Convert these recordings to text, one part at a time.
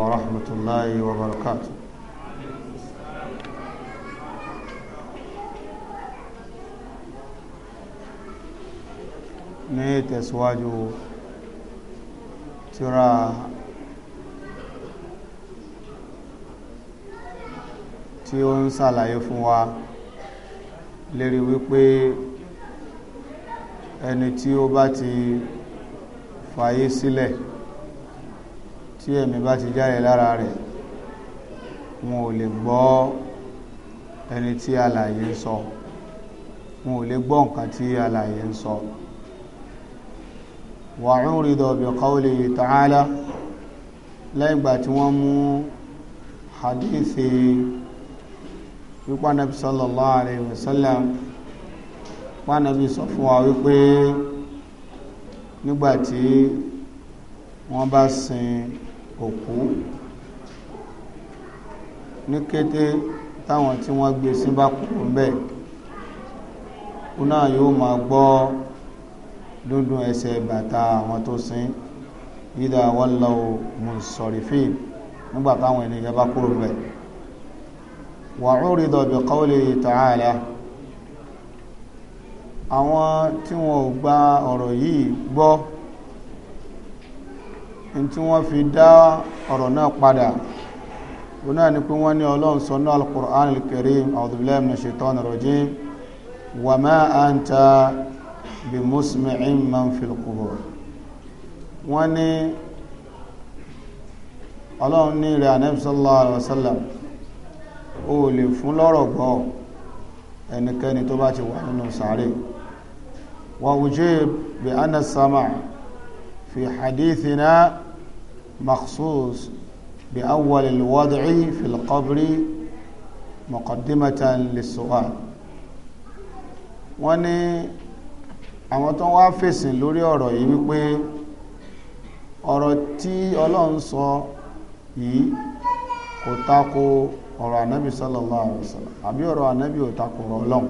ورحمة الله وبركاته ní tẹ̀síwájú tíra tí ó ń fún wa lérí wípé ti sílẹ̀ tí ẹ̀mí bá ti jáde lára rẹ̀ wọn ò lè gbọ́ ẹni tí alàyè ń sọ wọn ò lè gbọ́ nǹkan tí alàyè ń sọ wa'uridu bi qawlihi ta'ala lẹ́yìn ìgbà tí wọ́n mú hadithi wípé anabi sallallahu alayhi wa sọ fún wa wípé nígbà wọ́n bá sin òkú ní kété táwọn tí wọ́n gbé sí bá kúrò ńbẹ̀ kú náà yóò máa gbọ́ dúndún ẹsẹ̀ bàtà àwọn tó sin yídà wọn lọ mùsọ̀rìfín nígbà táwọn ènìyàn bá kúrò ńbẹ̀ wà rúrí dọ̀bì kọ́wọ́lì ta'ala àwọn tí wọn gba ọ̀rọ̀ yìí gbọ́ in tí wọ́n fi dá ọ̀rọ̀ náà padà òun náà ni pé wọ́n ní ọlọ́run sọ ní al-Qur'an al-Karim a'udhu billahi minash shaitani rajim wa ma anta bi musmi'in man fil qubur wọ́n ní ọlọ́run ní rẹ̀ Ànábì sallallahu ó lè fún lọ́rọ̀ gbọ́ ẹnikẹ́ni tó bá ti wà nínú sàárè wa ujib bi anna fi hadithina مخصوص بأول الوضع في القبر مقدمة للسؤال wọ́n ní àwọn tó wá fèsì lórí ọ̀rọ̀ yìí wípé ọ̀rọ̀ tí Ọlọ́run sọ yìí kò tako ọ̀rọ̀ ànábì sallallahu alaihi àbí ọ̀rọ̀ ànábì ò tako ọ̀rọ̀ Ọlọ́run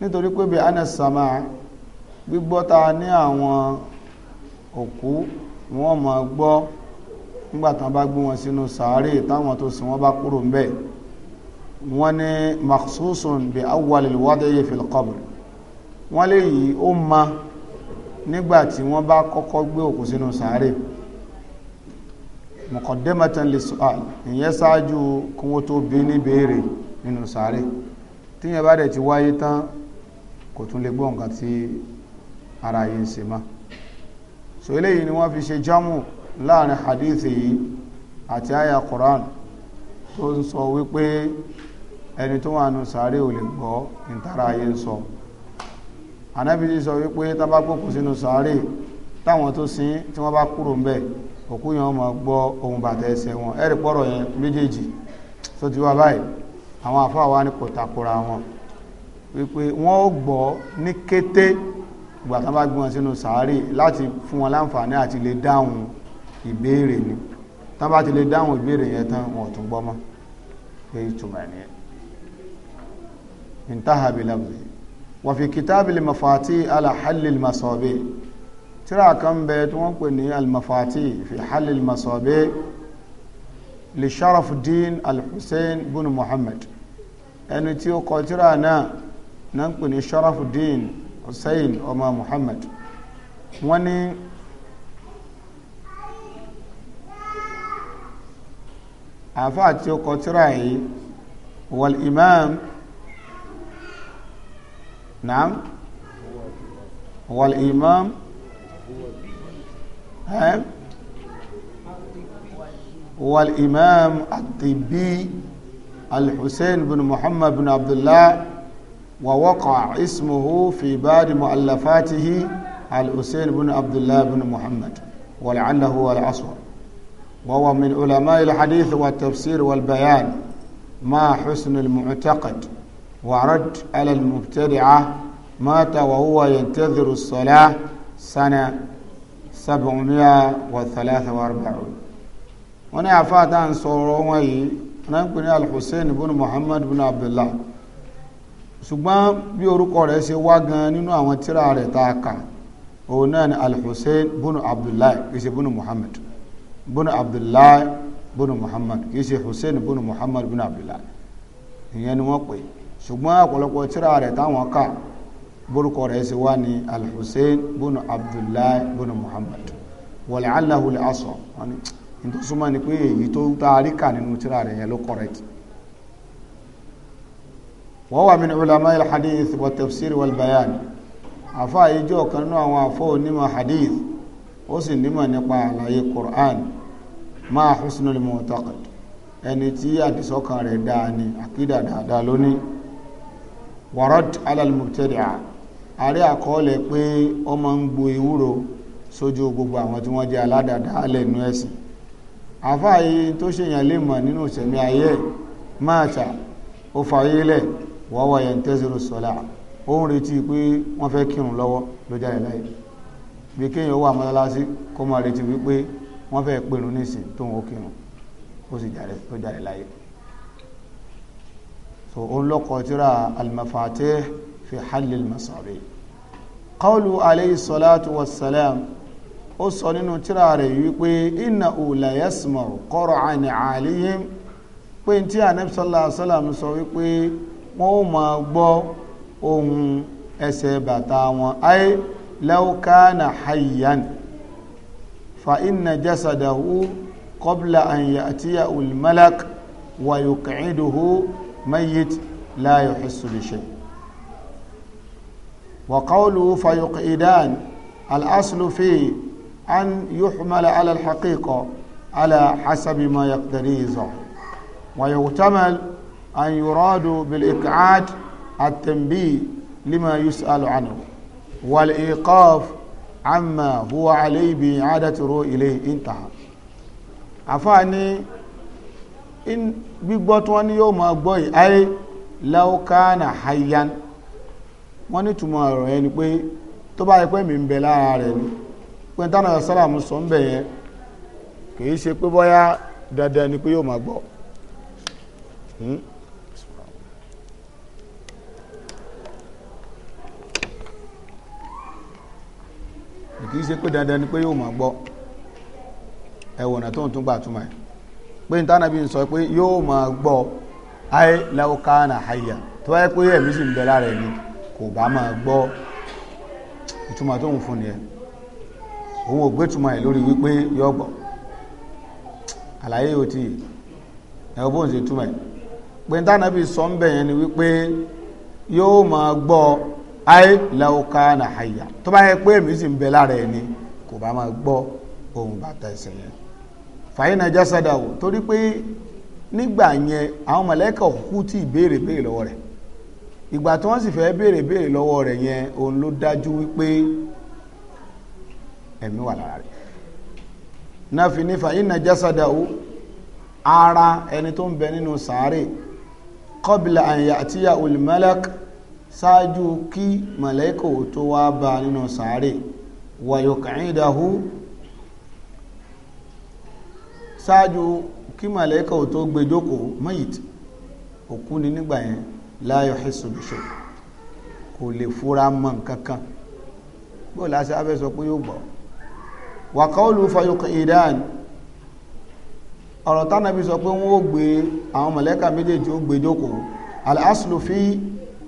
nítorí pé bí anasama gbígbọ́ta ní àwọn òkú wọ́n mọ̀ gbọ́ nígbà tán bá gbé wọn sínú sàárè táwọn tó sì wọ́n bá kúrò ńbẹ̀ wọ́n ní makhsusun bi awwalil wadi'i fil qabr wọ́n lè yí ó ma nígbà tí wọ́n bá kọ́kọ́ gbé òkú sínú sàárè muqaddimatan lis-su'al ìyẹn ṣáájú kí wọ́n tó bí ní béèrè nínú sàárè tíyẹn bá dẹ̀ ti wáyé tán kò tún lè gbọ́ nǹkan tí ara yìí ń ṣe máa so eléyìí ni wọ́n fi ṣe jámù láàrin hadithi yìí àti àyà Quran tó ń sọ wípé ẹni tó wà nù sàárè ò lè gbọ́ ìtara ayé ń sọ anábi ti sọ wípé tábàgbòkù sínú sàárè táwọn tó sin tí wọ́n bá kúrò ń bẹ̀ òkú yẹn wọ́n máa gbọ́ ohun bàtà ẹsẹ̀ wọn ẹ̀rì pọ̀rọ̀ yẹn méjèèjì tó ti wá báyìí àwọn àfáà ni kò takora wọn wípé wọ́n ó gbọ́ ní kété ìgbà tán bá gbọ́n sínú sàárè láti fún wọn láǹfààní àti lè dáhùn ìbéèrè ni tán bá ti lè dáhùn ìbéèrè yẹn tán wọn ò tún gbọ́ mọ́ pé ìtumọ̀ ẹ̀ nìyẹn ntaha bi labzi wa fi kitabil mafati ala halil masobe tíra kan bẹ tí wọ́n pè ní almafati fi halil masobe li sharafuddin alhussein bin muhammad ẹni tí ó kọ tíra náà náà pè ní sharafuddin hussein ọmọ muhammad wọ́n ní àfa àti ọkọ̀ tíra yìí wal imam naam wal imam ẹ́m eh, wal imam at-tibbi bin muhammad bin abdullah ووقع اسمه في بعض مؤلفاته الحسين بن عبد الله بن محمد ولعله هو الأصوب وهو من علماء الحديث والتفسير والبيان ما حسن المعتقد ورد على المبتدعة مات وهو ينتظر الصلاة سنة سبعمائة وثلاثة واربعون ونعفات عن صورة ونقول الحسين بن محمد بن عبد الله ṣùgbọ́n bí orúkọ rẹ̀ ṣe wá gan nínú àwọn tíra rẹ̀ tá a kà òun náà ni al-hussein bunu abdullahi kì í ṣe bunu muhammad bunu abdullahi bunu muhammad kì í ṣe hussein bunu muhammad bunu abdullahi ìyẹn ni wọ́n pè ṣùgbọ́n ọ̀pọ̀lọpọ̀ tíra rẹ̀ táwọn kà borúkọ rẹ̀ ṣe wá ní al-hussein bunu abdullahi bunu muhammad wàlẹ́ aláhùlẹ̀ asọ̀ wọn ni ìtòsúnmọ́ ni pé èyí tó taari kà nínú tíra rẹ̀ yẹn ló correct wọ́n wà min ulama al-hadith wa tafsir wal bayan àfa ìjọ kan nínú àwọn àfọ onímọ̀ hadith ó sì nímọ̀ nípa àlàyé Qur'an máa husnul mu'taqad ẹni tí àdìsọ́kan rẹ̀ dáa ni àkídà dáadáa lónìí warad alal mubtadi'a àrí àkọọ́lẹ̀ pé ó máa ń gbo ewúro sójú gbogbo àwọn tí wọ́n jẹ́ aládàáda alẹ́nu ẹ̀sìn àfáàyè tó ṣèyàn lè mọ̀ nínú ìṣẹ̀mí ayé máa ta ó fayé lẹ̀ wa huwa yantaziru salat ó ń retí pé wọ́n fẹ́ kírun lọ́wọ́ ló jáde láyé bí kéèyàn wà mọ́lásí kó máa retí wípé wọ́n fẹ́ pèrún nísìn tó ń kírun ó sì jáde láyé so ó ń lọ́kọ̀ tíra al fi halli al-masabi qawlu alayhi salatu wassalam ó sọ nínú tíra rẹ̀ wípé innahu la yasma'u qur'ana alihim pé tí anabi sallallahu alaihi sọ wípé wọ́n ó máa gbọ́ ohun ẹsẹ̀ bàtà wọn ayé lẹ́ọ̀kánà hayyan fa inna jasadahu qabla an ya'tiya ulmalak wa yuq'iduhu mayyit la yuhissu bi shay wa qawluhu fa yuq'idan al-aslu fi an yuhmala ala al-haqiqa ala hasabi ma yaqdari zahir wa yuhtamal أن يرادوا بالإقعاد التنبيه لما يسأل عنه والإيقاف عما هو عليه بإعادة رؤى إليه انتهى àfáàní gbígbọ́ tí wọ́n ní yóò máa gbọ́ yìí ayé láwọ́kánà hayan wọ́n ní túnmọ̀ ọ̀rọ̀ yẹn ni pé tó bá yẹ pé mi ń bẹ lára rẹ̀ ni pé tánà sálàmù sọ ń bẹ yẹn kìí ṣe pé bọ́yá dandan ni pé yóò máa gbọ́ hmm? kì í ṣe pé dandan ni pé yóò máa gbọ́ ẹ̀wọ̀nà tó ń tún gbà túmọ̀ ẹ̀ pé n tánàbí ń sọ pé yóò máa gbọ́ ayé láwùkánà àyà tó wáyé pé ẹ̀mí sì ń bẹ lára ẹ̀mí kò bá máa gbọ́ ìtumọ̀ tó ń fún ni ẹ̀ òun ò gbé ẹ̀ lórí wípé gbọ́ àlàyé yóò ti ṣe ẹ̀ pé ni wípé yóò máa gbọ́ ayé làwùká haya tó bá yẹ pé èmi sì ń bẹ lára ẹni kò bá máa gbọ́ ohun bàtà ẹsẹ̀ yẹn fàyínà jásádà torí pé nígbà yẹn àwọn mọ̀lẹ́kà òkú tí ìbéèrè béèrè lọ́wọ́ rẹ̀ ìgbà tí wọ́n sì fẹ́ béèrè béèrè lọ́wọ́ yẹn òun ló dájú wípé wà lára fi ní fàyínà jásádà ara ẹni tó ń bẹ nínú sàárè ṣáájú kí màláíkà tó wá bá nínú sàárè wa yuq'idahu ṣáájú kí màláíkà tó gbé jókòó mayit òkú ni nígbà yẹn la yuhissu bi shay kò lè fura mọ́ nǹkan kan bó láti abẹ́ pé yóò gbọ́ wa qawlu ọ̀rọ̀ tánàbí sọ pé wọ́n gbé àwọn màláíkà méjèèjì ó gbé jókòó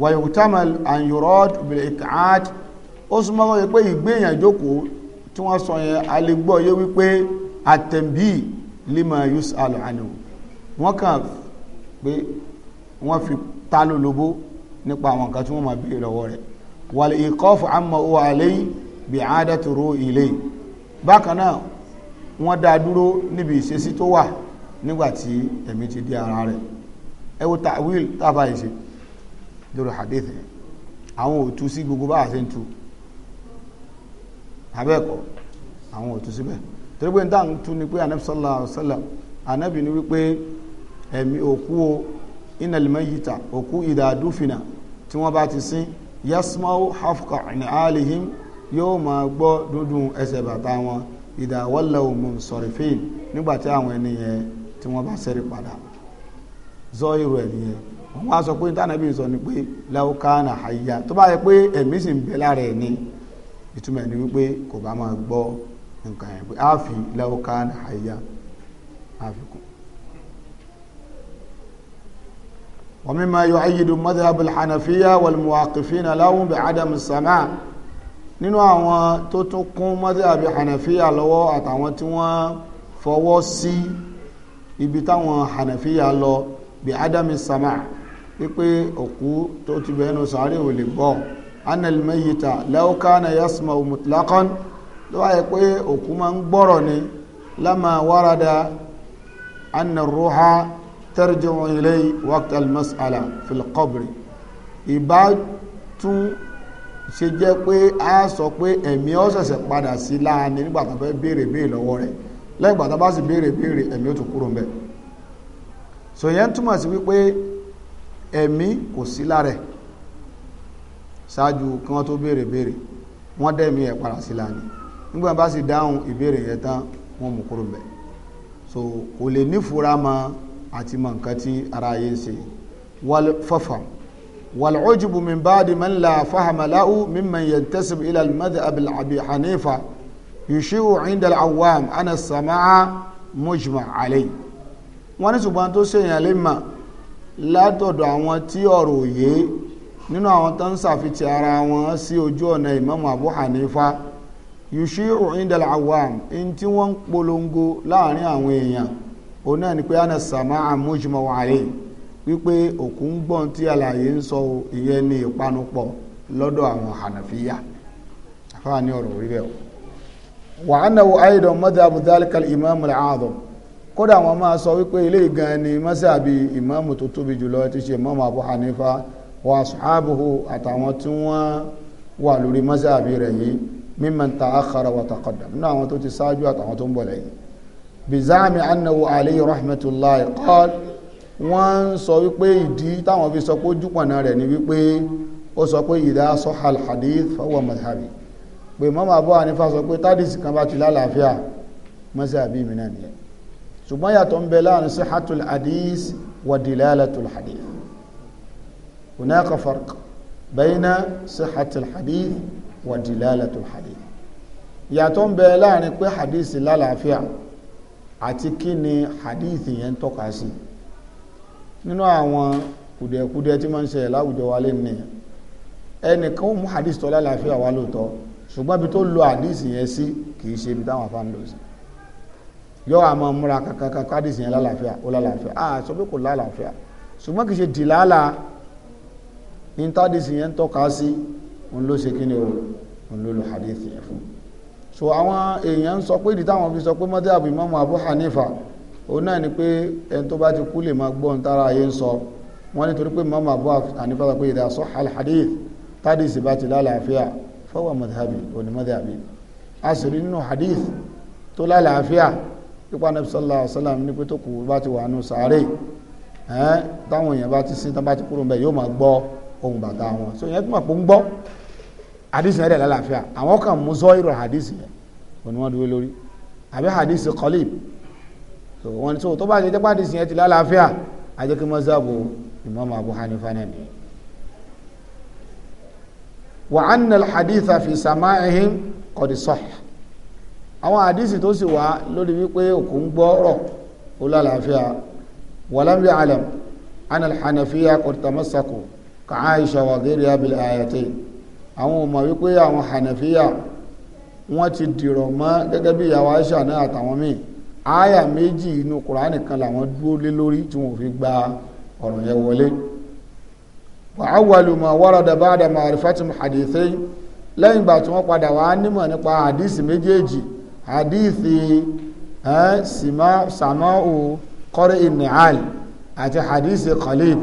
wàyùtàmàl àyùrọ́d bìlìkàt ó súnmọ́ wọn pé ìgbéyàn jókòó tí wọ́n sọ yẹn alégbọ́ yé wípé àtẹ̀mbí lima yus alhanu wọ́n kàn pé wọ́n fi ta lólobó nípa àwọn nǹkan tí wọ́n máa béèrè lọ́wọ́ rẹ̀ wàlẹ̀ ìkọ́fù àmọ́ ó àlẹ́yìn bí àádọ́tòrò ilé bákan náà wọ́n dá dúró níbi ìṣesí tó wà nígbàtí ẹ̀mí ti dé ara rẹ̀ ẹ wo tàwíl tábà ìṣe lórí hadith yẹn àwọn ò tú sí gbogbo bá àti ń tú abẹ́ẹ̀kọ́ àwọn ò tú síbẹ̀ torí pé níta ń tú ni pé anabi sallallahu alaihi wasallam anabi ni wípé ẹ̀mí òkú o innal mayyita òkú idha dufina tí wọ́n bá ti sin yasmau hafqa ní alihim yóò máa gbọ́ dúndún ẹsẹ̀ bàtà wọn idha wallaw munsarifin nígbà tí àwọn ènìyàn tí wọ́n bá ṣẹ́rí padà zọ́ irú ẹ̀ nìyẹn wọ́n wá sọ pé tánàbí sọ ni pé láwùkánà àyà tó bá yẹ pé ẹ̀mí sì ń bẹ lára ẹ̀ ni ìtumọ̀ ẹ̀ ni wípé kò bá máa gbọ́ nǹkan yẹn pé àfi láwùkánà àyà àfikún. ومما يؤيد مذهب الحنفية والمواقفين لهم بعدم السماع nínú àwọn tó tún kún mọ́tàbí hànàfíà lọ́wọ́ àtàwọn tí wọ́n fọwọ́ sí ibi táwọn hànàfíà lọ bí ádámì sàmà wípé òkú tó ti bẹ̀ẹ́nu sàárè ò lè bọ́ anil mayita lẹ́ọ̀kánà yasma mutlaqan ló wáyé pé òkú máa ń gbọ́rọ̀ ni lámà wárada anarruha tarji'u ilay waqt almas'ala fil qabri ìbá tún ṣe jẹ́ pé a sọ pé ẹ̀mí ó ṣẹ̀ṣẹ̀ padà sí láàánú nígbà fẹ́ béèrè béèrè lọ́wọ́ rẹ̀ lẹ́gbàtà bá sì béèrè béèrè ẹ̀mí ó tún kúrò ń ẹ̀mí kò sí lára ẹ̀ ṣáájú kí wọ́n tó béèrè béèrè wọ́n dẹ̀mí ẹ̀ padà sí lára ni nígbà bá sì dáhùn ìbéèrè yẹn tán wọ́n mú kúrò bẹ̀ so kò lè nífura mọ àti mọ nǹkan tí ara ayé ń ṣe wal fafam wal ujubu min ba'di man la fahama lahu mimman yantasib ila al-madhhab al-abi hanifa yushiu inda awam ana samaa mujma alayhi wọ́n ní ṣùgbọ́n tó ṣèyàn lè máa látọ̀dọ̀ àwọn tí ọ̀rọ̀ òye nínú àwọn tó ń sàfitì ara wọn sí ojú ọ̀nà Imam Abu Hanifa yushiru indal awam in tí wọ́n ń polongo láàrin àwọn èèyàn òun náà ni pé ana samaa mujma wàhálì wípé òkú ń gbọ́n tí alàyè ń sọ ìyẹn ní ìpanupọ̀ lọ́dọ̀ àwọn hànàfíyà afáà ọ̀rọ̀ orí bẹ́ẹ̀ wàhánà wo ayédọ̀ madhabu dhalika al kódà wọn máa sọ wípé ilé ìgan ni mọ́sàbí ìmáàmù tó tóbi jùlọ ti ṣe ìmáàmù Abu Hanifa wa ashabuhu àtàwọn tí wọ́n wà lórí mọ́sàbí rẹ̀ yìí mimman ta'akhara wa taqaddam nínú àwọn tó ti ṣáájú àtàwọn tó ń bọ̀ lẹ́yìn bizami annahu alayhi rahmatullahi qal wọ́n ń sọ wípé ìdí táwọn fi sọ pé ojú pọ̀nà rẹ̀ ni wípé ó sọ pé idha sahha hadith fahuwa madhhabi ṣùgbọ́n yàtọ̀ ń bẹ láàrin sihatul hadith wa dilalatul hadith hunaka farq bayna sihatul hadith wa dilalatul hadith yàtọ̀ ń bẹ láàrin pé hadith lálàáfíà àti kí ni hadith yẹn ń tọ́ka sí nínú àwọn kùdẹ̀kùdẹ̀ tí máa ń ṣẹlẹ̀ láwùjọ wa lẹ́nu nìyẹn ẹnìkan ó mú hadith tó lálàáfíà wá lóòótọ́ ṣùgbọ́n ibi tó lo hadith yẹn sí kì í ṣe ibi táwọn afá sí yọ àmọ́ múra kankan kádìsì yẹn lálàáfíà ó lálàáfíà a sọ pé kò lálàáfíà ṣùgbọ́n kì í ṣe dìláàlà ní tádìsì yẹn ń tọ́ka sí òun ló ṣe kí ni o òun ló lo hadithi yẹn fún so àwọn èèyàn ń sọ pé ìdí táwọn fi sọ pé mọ́tẹ́ àbí mọ́mọ́ Abu Hanifa òun náà ni pé ẹni tó bá ti kú lè máa gbọ́ ohun tára ayé ń sọ wọ́n nítorí pé mọ́mọ́ Abu Hanifa sọ pé ìdá sọ alhadith tádìsì bá ti lálàáfíà fọwọ́ mọ́tẹ́ àbí òní mọ́tẹ́ àbí a sì rí nínú hadith tó lálàáfíà ipa anabi sallallahu alaihi wasallam ní pé tó kù bá ti wà nù sàárè ẹn táwọn èèyàn bá ti sin tán bá ti kúrò mbẹ yóò máa gbọ́ ohun bàtà wọn so ìyẹn tó máa pò ń gbọ́ hadith yẹn dẹ̀ lálàáfíà àwọn kan mú sọ irú hadith yẹn òní wọn dúró lórí àbí hadith kọlíb so wọn so tó bá ṣe jẹ́ hadith yẹn ti lálàáfíà ajẹ́kí mọ́sáàbù imam abu hanifa náà nìyẹn. wa anna al-haditha fi sama'ihim qad àwọn àdísì tó sì wá lórí wípé òkú ń gbọ́rọ̀ ó lálàáfíà wàlámbí alam anàlhànàfíà kòtàmọ́sàkò ka Aisha wà gẹ́rẹ́ abil ayatẹ́ àwọn ọmọ wípé àwọn hànàfíà wọ́n ti dìrọ̀ mọ́ gẹ́gẹ́ bí ìyàwó Aisha náà àtàwọn míì aya méjì inú kùránì kan làwọn dúró lé lórí tí wọ́n fi gba ọ̀rọ̀ yẹn wọlé wa awwalu ma warada ba'da ma'rifatim lẹ́yìn ìgbà tí wọ́n padà wá nímọ̀ nípa àdísì méjèèjì hadithi sama'u kọ́rẹ́ ìnìhàl àti hadithi khalib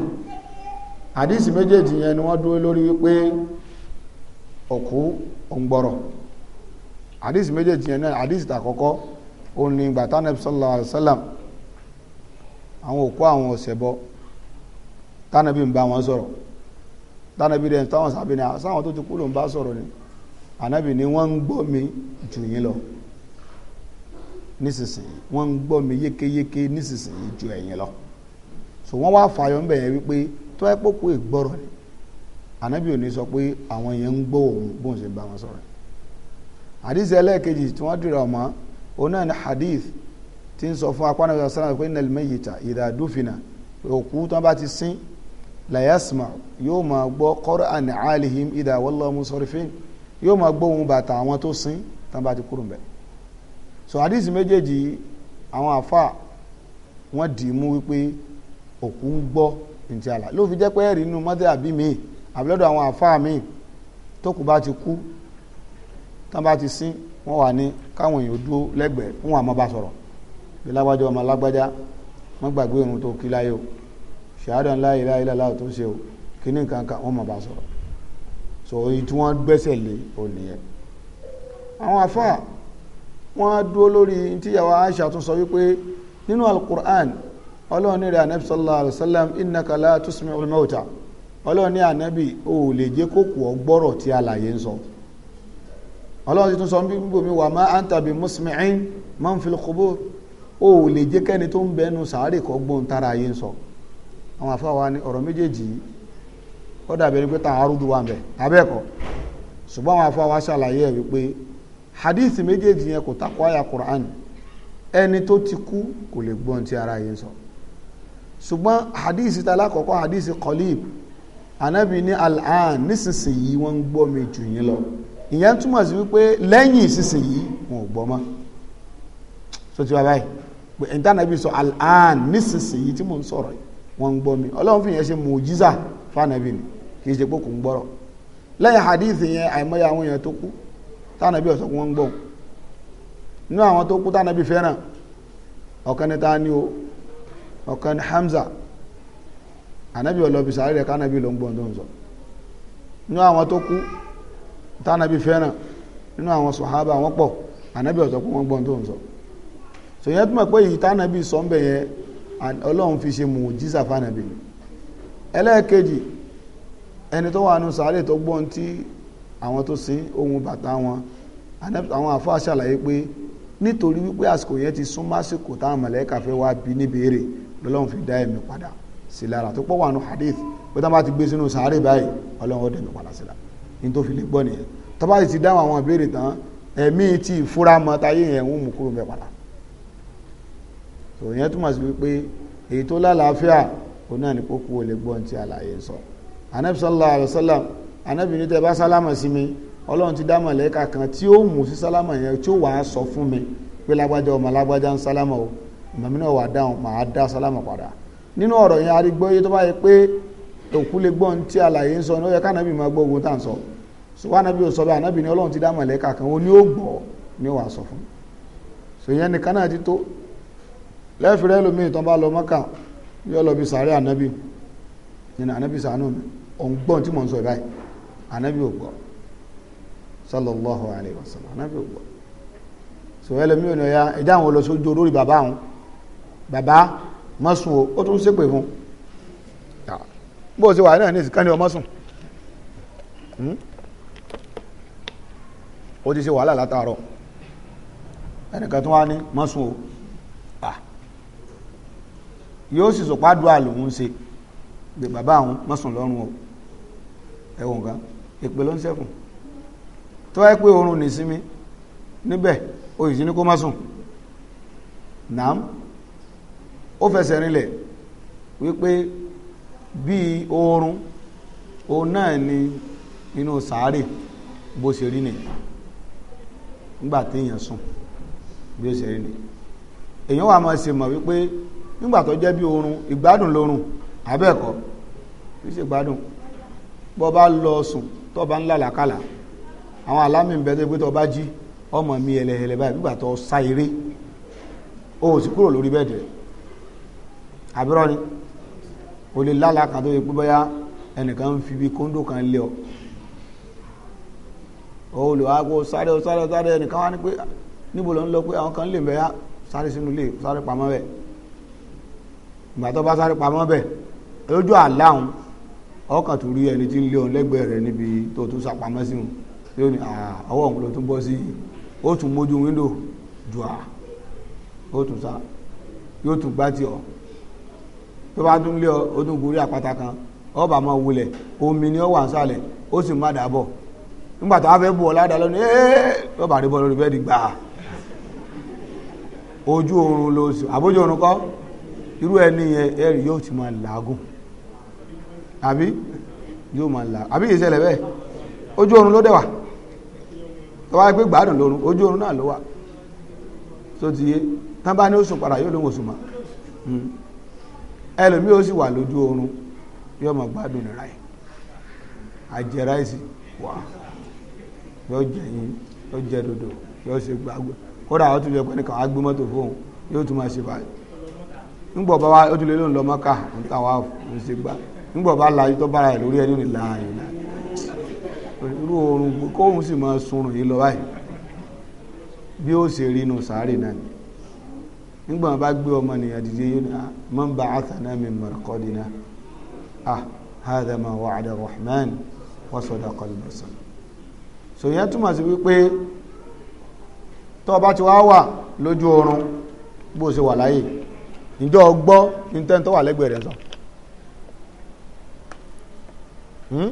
hadithi méjèèjì yẹn ni wọ́n dúró lórí wípé òkú òǹgbọ̀rọ̀ hadithi méjèèjì yẹn náà hadithi tàkọ́kọ́ ó ní gbàtà nabi sallallahu alaihi wasallam àwọn òkú àwọn òṣèbọ tánàbí ń bá wọn sọ̀rọ̀ tánàbí rẹ̀ táwọn sábẹ́ ni sáwọn tó ti kú ló ń bá sọ̀rọ̀ ni ànábì ni wọ́n ń gbọ́ mi jù yín lọ nísinsìnyí wọ́n ń gbọ́ mi yékéyéké nísinsìnyí ju ẹ̀yìn lọ so wọ́n wá fààyọ ń bẹ̀ yẹn wípé tó ẹ pòkú ìgbọ́rọ̀ ni ànábì òní sọ pé àwọn yẹn ń gbọ́ òun bóun ṣe bá wọn sọ̀rọ̀ àdìsí ẹlẹ́ẹ̀kejì tí wọ́n dìrọ̀ mọ́ òun náà ni hadith ti ń sọ fún apánàbí sọ́nà pé innal mayyita idha dufina pé òkú tó bá ti sin la yóò máa gbọ́ qur'an alihim idha wallahu musarifin yóò máa gbọ́ ohùn bàtà àwọn tó sin tó bá ti kúrò mbẹ́ẹ̀ so àdìsí méjèèjì àwọn àfa wọ́n dì í mú wípé òkú ń gbọ́ ntí àlà ló fi jẹ́ pé ẹ̀rí inú mọ́tẹ́ àbí mi àbílọ́dọ̀ àwọn àfa mi tó kù bá ti kú tán bá ti sín wọ́n wà ní káwọn èèyàn dúró lẹ́gbẹ̀ẹ́ wọn àmọ́ bá sọ̀rọ̀ bí lágbájá ọmọ lágbájá wọ́n gbàgbé irun tó kí láyé o ṣàádọ́ ńlá ìlà ìlà láwọ̀ tó ṣe o kí ní nǹkan kan wọ́n mọ̀ bá sọ̀rọ̀ so èyí tí wọ́n gbẹ́sẹ̀ lé òun nìyẹn àwọn àfáà wọ́n dúó lórí tíyàwó aisha tún sọ wípé nínú alkur'an ọlọ́ọ̀ni rẹ̀ anabi sallallahu alayhi wa sallam innaka la tusmi'ul mauta ọlọ́ọ̀ni anabi ò lè jẹ́ kókò ọgbọ́rọ̀ tí alàyé ń sọ ọlọ́ọ̀ni tún sọ ń bí gbòmí wà má anta bi musmi'in man fil qubur ó lè jẹ́ kẹ́ni tó ń bẹnu sàárè kọ́ tára ayé ń sọ àwọn afáwa ni ọ̀rọ̀ méjèèjì yìí ó dàbí ẹni pé Hadithi méjèèjì yẹn kò takò àyà Qur'an ẹni tó ti kú kò lè gbọ́n ti ara yẹn sọ ṣùgbọ́n hadith tala kọ̀kọ́ hadith qalib anabi ní al'an nísinsìnyí wọ́n ń gbọ́ mi jù yín lọ ìyẹn túmọ̀ sí wípé lẹ́yìn ìsinsìnyí wọn ò gbọ́ mọ́ so ti wá báyìí pé ìtànàbí sọ al'an nísinsìnyí tí mò ń sọ̀rọ̀ wọn ń gbọ́ mi ọlọ́run fi yẹn ṣe mùjíza fánàbí ni kì í ṣe pé kò ń gbọ́rọ̀ lẹ́yìn hadith yẹn àìmọye àwọn èèyàn tó kú tánàbí n'abi kún wọ́n gbọ́ nínú àwọn tó kú tánàbí fẹ́ràn ọ̀kan ní tání o ọ̀kan ní Hamza ànábì ọlọ́bi sàárẹ̀ rẹ̀ kánàbí ló ń gbọ́n tó ń sọ nínú àwọn tó kú tánàbí fẹ́ràn nínú àwọn sọ̀hábà wọ́n pọ̀ ànábì ọ̀sọ̀ kún wọ́n tó ń sọ pé yìí sọ ń bẹ̀ yẹn ọlọ́run fi ṣe ẹlẹ́ẹ̀kejì ẹni tó wà nù àwọn tó sin ohun bàtà wọn àwọn àfáà ṣàlàyé pé nítorí wípé àsìkò yẹn ti sún másìkò táwọn mọ̀lẹ́kà fẹ́ wá bí níbèrè lọ́lọ́run fi dá ẹ̀mí padà sí lára tó pọ̀ wà nù hadith pé táwọn bá ti gbé sínú sàárè báyìí ọlọ́run ó dẹ̀mí padà sí lára ní tó fi lè gbọ́ nìyẹn tó bá sì ti dáhùn àwọn ìbéèrè tán ẹ̀mí tí ìfúra mọ́ táyé yẹn ń mú kúrò mẹ́ padà tòun yẹn túmọ̀ sí wípé èyí tó lálàáfíà òun náà ní kókó lè gbọ́ ti àlàyé sọ anabi sallallahu alayhi wa sallam anábì ní tẹ́ bá sálámà sí mi ọlọ́run ti dá mọ̀lẹ́kà kan tí ó mú sí sálámà yẹn tí ó wàá sọ fún mi pé lágbájá ọmọ lágbájá ń sálámà o màmí náà wà dáhùn màá dá sálámà padà nínú ọ̀rọ̀ yẹn arígbóyé tó bá yẹ pé òkú lè gbọ́n tí àlàyé ń sọ ní ó yẹ kánábì máa gbọ́ ogun tá à ń sọ ṣùgbọ́n anábì ò sọ bẹ́ẹ̀ anábì ní ọlọ́run ti dá mọ̀lẹ́kà kan ó ní ó gbọ́ ní ó wàá sọ fún ṣèyẹn nìkan náà ti tó lẹ́fìrẹ́ lómi ìtàn bá lọ mọ́kà yóò lọ bí sàárẹ̀ anábì nínú anábì sàánù òun gbọ́n tí mò ń sọ ìbáyìí anabi ò gbọ́ sallallahu alayhi wa sallam anabi ò gbọ́ sọ ẹlẹ́mi ò ní ọ̀ya ẹ̀dá àwọn olóṣojú olórí bàbá àwọn bàbá mọ́sùn o ó tún ṣépè fún bó o ṣe wà náà ní ìsìnká ní ọmọ sùn hmm? ó ti ṣe wàhálà látàárọ̀ ẹnìkan tó wá ní mọ́sùn o yóò sì sọ̀pá dùn àlòun ṣe bàbá àwọn mọ́sùn lọ́rùn o ẹ̀wọ̀n kan ìpè ló ń sẹ́kùn tó wáyé pé oorun nìsinmi níbẹ̀ òyìnbó ní kó má sùn nàám ó fẹsẹ̀ rinlẹ̀ wípé bíi oorun òun náà ni inú sàárè bó ṣe rí ni nígbà tí èèyàn sùn bí ó ṣe rí ni èèyàn wà máa ṣe mọ̀ wípé nígbà tó jẹ́ bí oorun ìgbádùn lórun àbẹ́ẹ̀kọ́ kì í ṣe ìgbádùn bó bá lọ sùn tó bá ń lálàkàlà àwọn alámì ń bẹ tó gbé tó bá jí ọmọ mi ẹlẹhẹlẹ báyìí nígbà tó sá eré o ò sì kúrò lórí bẹ́ẹ̀dì rẹ̀ àbúrò ni o lè lálàkà tó yẹ pé bóyá ẹnìkan ń fi bí kóńdò kan lé ọ o lè wá kó sáré o sáré o sáré ẹnìkan wá ní pé níbo ló ń lọ pé àwọn kan lè mẹ́yà sáré sínú ilé sáré pamọ́ bẹ́ẹ̀ ìgbà bá sáré pamọ́ bẹ́ẹ̀ lójú àláhùn ọkàn tó rí ẹni tí ń lé ọ lẹ́gbẹ̀ẹ́ rẹ̀ níbi tó tún sàpamọ́ sí wọn yóò ní ọwọ́ òun ló tún bọ́ sí ó tún mójú wíńdò jù à ó tún sá yóò tún gbá tiọ̀ tó bá tún ọ ó tún gorí omi ni ó wà ó sì má a fẹ́ bù ọ ládàá lọ́nà ẹ́ẹ́ ọba lórí bẹ́ẹ̀ di gbà á oorun ló sì àbójú oorun kọ́ irú ẹni yẹn ẹ̀rì yóò àbí yóò máa ma àbí kìí ṣẹlẹ̀ bẹ́ẹ̀ ojú oorun ló dẹ̀wà tó wáyé pé gbádùn lórun ojú oorun náà ló wà tó ti yé tán bá ní ó padà yóò lóhun oṣù mọ́ hmm. ẹlòmíì ó sì wà lójú oorun yóò máa gbádùn nira ẹ̀ àjẹ ráìsì wà yóò jẹ yín yóò dodo yóò ṣe gbàgbé kódà ó tún yẹ pé nìkan á gbé mọ́tò fóun yóò tún máa ṣe báyìí ń bọ̀ bá wa ó tún lóun nígbà bá la tó bára ẹ̀ lórí ẹni òní la ẹ̀ la irú oorun kóhun sì máa sunrùn yìí lọ báyìí bí ó ṣe rí inú sàárè náà ni nígbà bá gbé ọmọ nìyàn dìde yóò ní ah, man ba'athana min marqadina ah hadha ma wa'ada rahman wa sadaqa al-mursal sòyìn túmọ̀ sí wípé tó bá ti wá wà lójú oorun bó ṣe wà láyé ìjọ gbọ́ ní tẹ́ntọ́ wà lẹ́gbẹ̀ẹ́ sọ. So Hmm?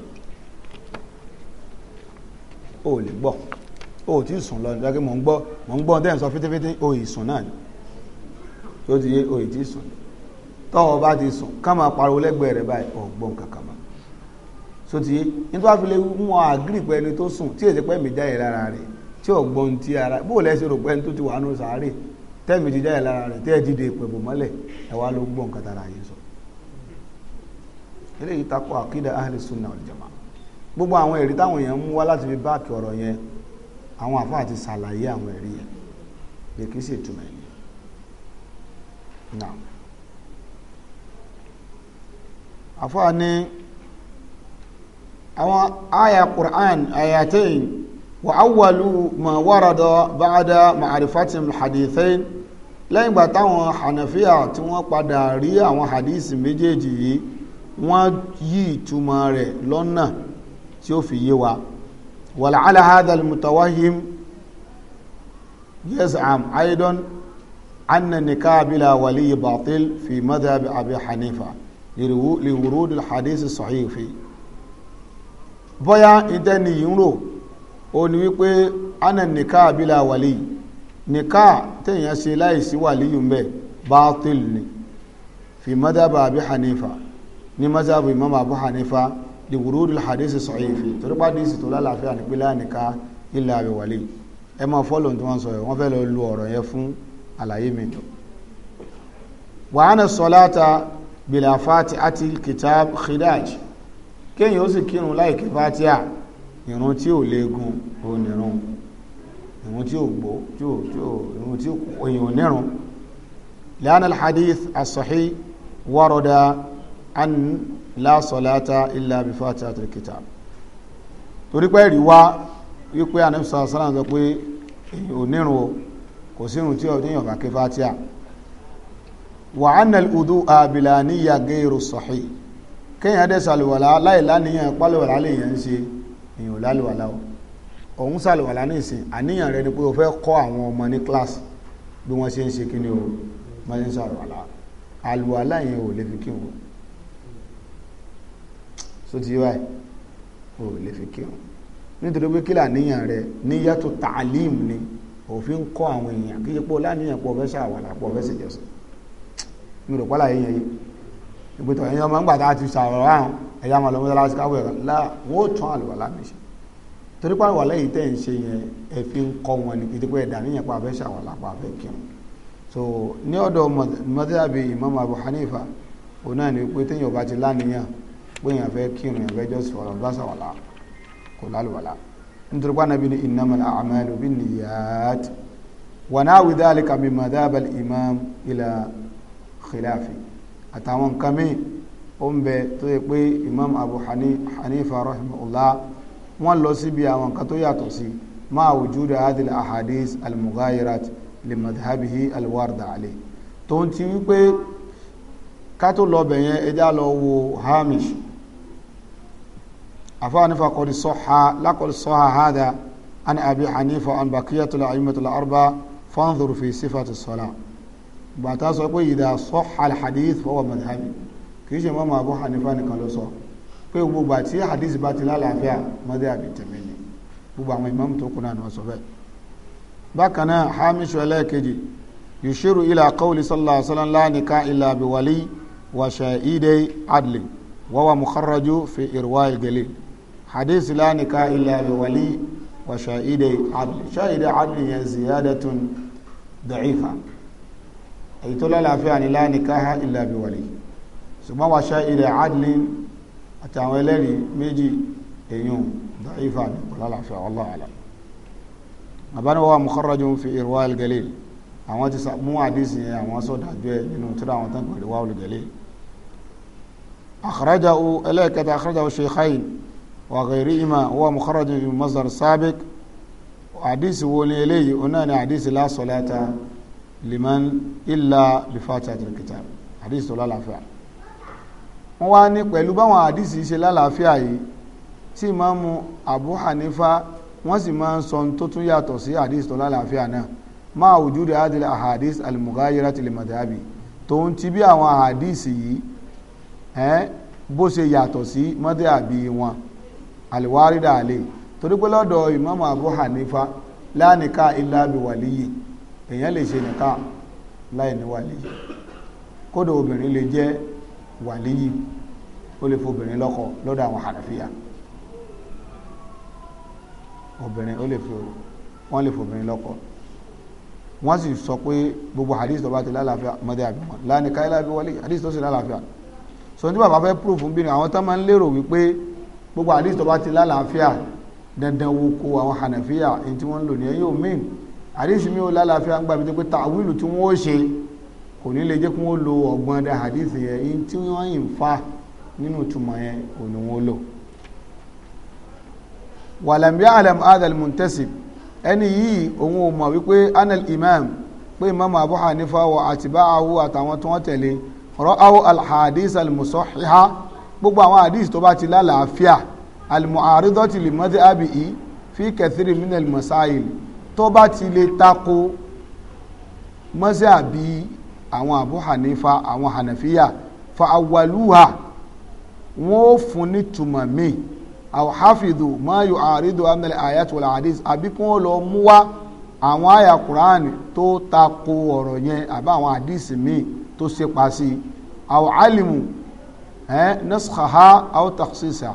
o lè gbọ́ o ti tí lọ nígbà pé mò ń gbọ́ mò ń gbọ́ tẹ́ ń o ì náà ni tó o ì ti sùn bá ti sùn ká máa pariwo lẹ́gbẹ̀ẹ́ rẹ̀ báyìí so ti yé nítorí wàá fi lè mú ọ àgírí pé ẹni tó sùn tí èsì pẹ́ mi dá yìí lára rẹ̀ tí eléyìí takò àkídà ahli sunna wal jamaa gbogbo àwọn ẹ̀rí táwọn èèyàn mú wá láti fi báàkì ọ̀rọ̀ yẹn àwọn àfáà ti ṣàlàyé àwọn ẹ̀rí yẹn lè kí sì túmọ̀ ẹ̀ náà àfáà ní àwọn àyà Qur'an àyàtẹ́yìn wà áwàlú ma wárada ba'da ma'arifatim hadithain lẹ́yìn gbà táwọn hànàfíà tí wọ́n padà rí àwọn hadith méjèèjì yìí wọ́n yí ìtumọ̀ rẹ̀ lọ́nà tí ó fi yé wa wàlàálà hadal mutawahim yas'am aidan anna nikah bila waliyi batil fi madhhab abi hanifa liwurud alhadith sahih fi bóyá ìtẹ́ni yìí ń rò ó ní wípé anna nikah bila waliyi nikah ṣe láìsí waliyi ń bẹ̀ batil ni fi madhhab abi hanifa ní mazhabu imam abu hanifa li wurudil hadisi sahihi torí pàdísì tó lálàáfíà ní pílá nìka illa bi wali ẹ máa fọ́lọ̀ tí wọ́n sọ yẹ wọ́n fẹ́ lọ lu ọ̀rọ̀ yẹn fún àlàyé mi wa ana salata bila fati'ati kitab khidaj kéèyàn ó sì kírun láì kí fatiha ìrun tí ò léegun ò nírun ìrun tí ò gbó tí ò tí ò ìrun tí ò nírun li'anna al hadith as an la salata illa bi fatihatil kitab torí pé ẹ̀rí wá wípé anabi sọ sọ́nà sọ pé èyí ò nírun o kò sírun tí ọdún yọ̀ọ̀bá ké fatiha wa anna al-wudu'a bila niyya ghayru sahih kéèyàn dẹ̀ sàlùwàlá láì láníyàn pálùwàlá lè yàn ń ṣe èyàn ò lálùwàlá o òun sàlùwàlá ní ìsìn àníyàn rẹ ni pé o fẹ́ kọ́ àwọn ọmọ ní kíláàsì bí wọ́n ṣe ń ṣe kí ni o wọ́n ṣe ń sàlùwàlá àlùwàlá yẹn ò lè fi kí wọn so ti yíwá ẹ̀ o lè fi kírun nítorí pé kílà níyàn rẹ níyàtò tààlìm ni òfin ń kọ́ àwọn èèyàn kí yẹ pé láníyàn pọ̀ fẹ́ ṣàwàlà pọ̀ fẹ́ ṣèjọsìn mi rò pálá yẹn yìí ìgbìtọ̀ ẹ̀yìn ọmọ ńgbà tá a ti ṣàwàlà àrùn ẹ̀yà máa lọ́mọdé láti káwé ẹ̀rọ láà wọ́n ó tún àlùwàlá mi ṣe torí pé àlùwàlá yìí tẹ̀ ń ṣe yẹn ẹ̀ fi ń kọ́ wọn ni kí pé ẹ̀dà níyàn pa fẹ́ ṣàwàlà pa fẹ́ kírun so ní ọ̀dọ̀ mọ́tẹ́ àbí Imam Hanifa òun náà ni pé téèyàn bóyá fẹ́ kírun yẹn fẹ́ jọ́sìn fọlọ́ bá sàwọ̀lá kò lálùwàlá nítorí pé anabi ní innamal a'malu binniyat wa nahwi dhalika mimma dhahaba al-imam ila khilafi àtàwọn nǹkan mi ó ń bẹ tó yẹ pé imam abu hanifa rahimahullah wọ́n lọ síbi àwọn nǹkan tó yàtọ̀ sí máa wujudi hadhihi al-ahadith al-mughayirat li tó ń ti wípé ká tó lọ bẹ̀yẹn ẹjá lọ wo hamish àfáàní fakọ̀dì sọ́ha lákọ̀dì sọ́ha hádà an abi hanifa an bakiyatul a'immatul arba fanzur fi sifati sọ́la bàtà sọ pé ìdá sọ́ha alhadith fọwọ́ madhabi kì í ṣe mọ́mọ́ abu hanifa nìkan ló sọ pé gbogbo àti hadith bá ti lálàáfíà madhabi tẹ̀mí ni gbogbo àwọn imam tó kù náà ni wọ́n sọ bẹ́ẹ̀ bákan náà hamishu ẹlẹ́ẹ̀kejì yushiru ila qawli sallallahu alaihi wasallam la nika illa bi wali wa sha'idai adli wa wa mukharraju fi irwa al-galil hadith la nikah illa bi wali wa shahide adli shahide adli yẹn ziyadatun da'ifa èyí tó lálàáfíà ni la nikaha illa bi wali ṣùgbọ́n wa shahide adli àtàwọn ẹlẹ́rìí méjì èyàn da'ifa ni kò lálàáfíà wallahu a'lam àbáníwá mukharrajun fi irwa al-galil àwọn ti mú hadith yẹn àwọn sọ dájú ẹ nínú tíra àwọn tán pẹ̀lú wa al-galil akhrajahu ẹlẹ́ẹ̀kẹta akhrajahu shaykhayn وغيرهما هو مخرج في مصدر سابق حديث ولي إليه أنني حديث لا صلاة لمن إلا بفاتحة الكتاب حديث لا لافع wọ́n wá ní pẹ̀lú báwọn àdìsí ṣe lálàáfíà yìí tí ìmáàmù Abu Hanifa wọ́n sì máa ń sọ tó tún yàtọ̀ sí àdìsí tó lálàáfíà náà máa wùjúdì adìl ahadis al-mughayira til madhabi tòun ti bí àwọn àdìsí yìí bó ṣe yàtọ̀ sí mọ́dàbí wọn da àlè torí pé lọ́dọ̀ ìmáàmù Abu Hanifa láàníká ilá bí wàlíyì èèyàn lè ṣe nìka láì ní wàlíyì kódà obìnrin lè jẹ́ wàlíyì ó lè fobìnrin lọ́kọ lọ́dọ̀ àwọn Hanafiya obìnrin ó lè fi wọ́n lè fobìnrin lọ́kọ wọ́n sì sọ pé gbogbo hadith tó bá ti lálàáfíà mọ́tẹ́ àbí wọn láàníká wàlíyì hadith tó sì lálàáfíà sọ ní bàbá fẹ́ proof ń àwọn tán máa ń lérò wípé gbogbo àdìs tó bá ti lálàáfíà dandan wo ko àwọn hànàfíà èyí tí wọ́n ń lò ní ẹ̀yìn òmíì àdìs mi ò lálàáfíà ń gbà mí pé tàwílù tí wọ́n ó ṣe kò ní lè jẹ́ kí wọ́n lo ọ̀gbọ́n dá àdìs yẹn èyí tí wọ́n yìn fa nínú ìtumọ̀ yẹn ò ní wọ́n lò. wàlàmí àlàm adal muntasib ẹni yìí òun ò mọ̀ wípé anal imam pé imam abu hanifa wa àtibáhu àtàwọn tí wọ́n tẹ̀lé rọ́ àwọn alhadis almusahiha gbogbo àwọn hadith tó bá ti lálàáfíà al-mu'aridati li madhhabihi fi kathiri min al-masail tó bá ti lè tako mazhabi àwọn Abu Hanifa àwọn Hanafiya fa awwaluha wọn ó fún ní tùmọ̀ mi aw hafidhu ma yu'aridu min ayat wal hadith àbí kí wọ́n lọ mú wá àwọn àyà Qur'an tó tako ọ̀rọ̀ yẹn àbá àwọn hadith mi tó ṣe pa sí aw alimu nasxaha aw taksisa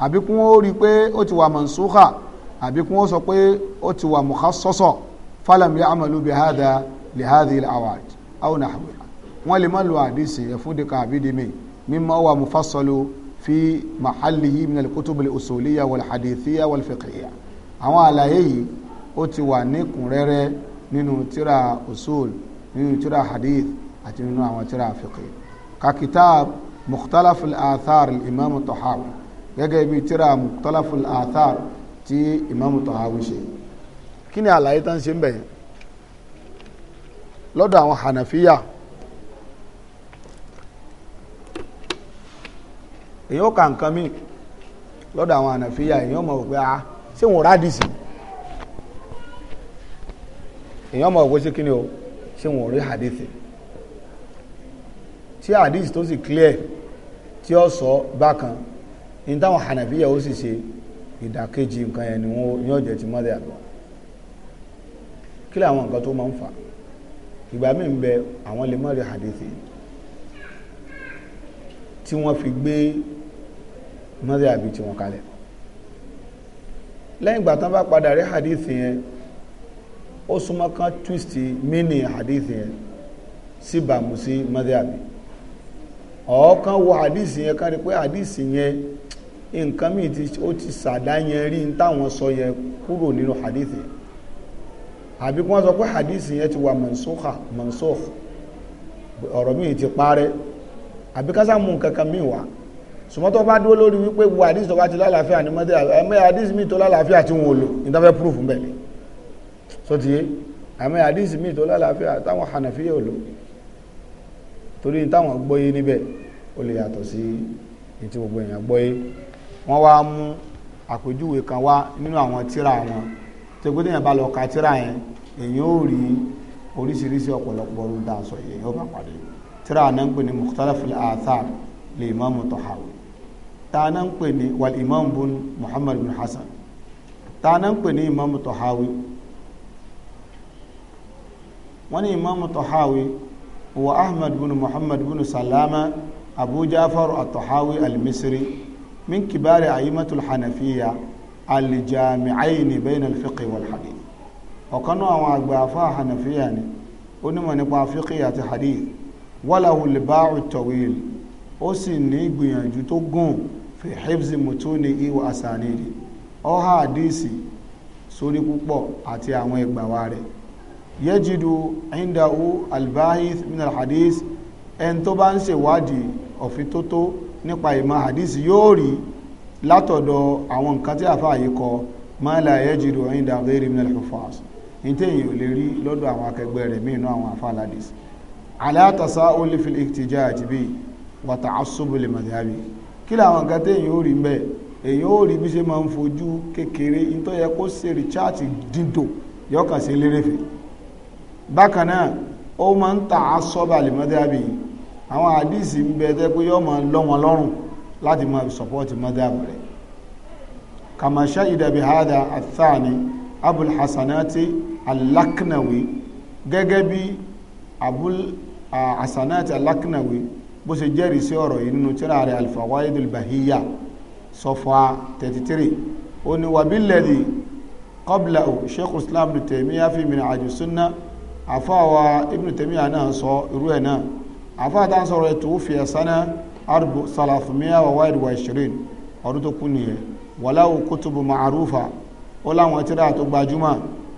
àbí kún ó rí i pé ó ti wà mansuxa àbí kún ó sọ pé ó ti wà mukhassasa falam ya'malu bihada lihadi alawad aw nahwiha wọn lè má lo àdìsí ẹfún dika àbídìmí mimma wà mufassalu fi mahalihi min alkutub alusuliya walhadithiya walfiqhiya àwọn àlàyé yìí ó ti wà níkùnrẹ́rẹ́ nínú tírà usul nínú tírà hadith àti nínú àwọn tírà fiqhi ka kitab mukhtalafu athar imaamu tahawi gẹ́gẹ́ bí tíra mukhtalafu athar tí imaamu tahawi ṣe kí ni àlàyé tá ń ṣe ń bẹ̀ yẹn lọ́dọ̀ àwọn hanafiya èyí ó kà nǹkan míì lọ́dọ̀ àwọn hanafiya èyí ó mọ̀ pé a ah, ṣé wọn rádìsì èyí ó mọ̀ pé ṣé kí ni o ṣé wọn rí hadithi tí hadith tó sì clear tí ó sọ bákan ní táwọn hànàfíyà ó sì ṣe ìdàkejì nǹkan yẹn ni wọ́n yóò jẹ́ ti mọ́dẹ̀ àgbà kí làwọn nǹkan tó máa ń fà ìgbà míì ń bẹ àwọn lè mọ́rí hadithi tí wọ́n fi gbé mọ́dẹ̀ àbí tí wọ́n kalẹ̀ lẹ́yìn ìgbà tán bá padà rí hadithi yẹn ó súnmọ́ kan twist mini hadithi yẹn síbàmù sí mọ́dẹ̀ àbí ọ̀ọ́kán wo àdìsí yẹn kárí pé àdìsí yẹn nǹkan míì tí ó ti sàdá yẹn rí ní táwọn sọ yẹn kúrò nínú àdìsí yẹn àbí kí wọ́n sọ pé àdìsí yẹn ti wà mọ̀nsókà mọ̀nsókà ọ̀rọ̀ míì ti parẹ́ àbí kásá mú nǹkankan míì wá sùmọ́tọ́ bá dúró lórí wípé wo àdìsí tó bá ti lálàáfíà ní mọ́tẹ́ ẹ̀mẹ́ àdìsí míì tó lálàáfíà tí wọ́n lò ní táfẹ́ púrúfù bẹ́ẹ̀ ni sọ ti yé ẹ̀mẹ́ àdìsí míì tó lálàáfíà táwọn hànàfíà ò lò torí ní táwọn gbọ́yé níbẹ̀ ó lè yàtọ̀ sí ètí gbogbo èèyàn gbọ́yé wọ́n wá mú àpèjúwe kan wá nínú àwọn tíra wọn tó gbé téèyàn bá lọ ka tíra yẹn èèyàn ó rí oríṣiríṣi ọ̀pọ̀lọpọ̀ ọdún tá sọ yìí yóò bá pàdé tíra náà ń pè ní mukhtalafil athar lè Imam Tahawi tá a náà ń pè ní wal imam bun Muhammad bin Hasan tá a náà ń pè ní Imam Tahawi wọ́n ní Imam Tahawi هو أحمد بن محمد بن سلامة أبو جعفر الطحاوي المصري من كبار أئمة الحنفية الجامعين بين الفقه والحديث وكانوا أعبافا حنفيا onímọ̀ nípa fíkì àti hadith wọ́láhù lè bá ọ̀tọ̀wìl ó sì ní gbìyànjú tó gùn fi hifzi mutuni ìwà àsàníri ó há hadisi sórí púpọ̀ àti àwọn ìgbàwà rẹ̀ yẹ́jìdù ẹ̀yìndàwó albahith minal hadith ẹn tó bá ń ṣèwádìí ọ̀fíntótó nípa ìmọ̀ hadith yóò rí látọ̀dọ̀ àwọn nǹkan tí àfáà yìí kọ ma la yajidu inda ghairi minal huffaz níta èyí ò lè rí lọ́dọ̀ àwọn akẹgbẹ́ rẹ̀ mí inú àwọn àfáà hadith ala tasa'uli fil ihtijaj bi wa ta'assub li madhhabi kí làwọn nǹkan tẹ̀yìn ó rí mbẹ́ èyí ó rí bí ṣe máa ń fojú kékeré nítorí yẹ kó ṣe rìchaati dídò yọkàn sí lérefe bákan náà ó máa ń tà á sọ́bà lè mọ́dábì yìí àwọn àdìsí ń bẹ tẹ́ pé yọ́ máa lọ́ wọn lọ́rùn láti máa sọ̀pọ́ọ̀tì mọ́dábì rẹ̀ kàmáṣá ìdàbí hádà àtàní abul hasanati alaknawi gẹ́gẹ́ bí abul hasanati alaknawi bó ṣe jẹ́rìí sí ọ̀rọ̀ yìí nínú tíra rẹ̀ alfawaidul bahiyya sọfà 33 ó ní wàbílẹ̀dì sheikh islam tẹ̀míyà fi min àjùsúnná àfáàwà Ibn Taymiyyah náà sọ irú ẹ̀ náà àfáà tá à ń sọ̀rọ̀ ètò òfin ẹ̀sánná arbu salafumia wa wáyé wa ìṣirin ọdún tó kú nìyẹn wàláwò kótóbù ma'arufa ó láwọn tíra tó gbajúmọ̀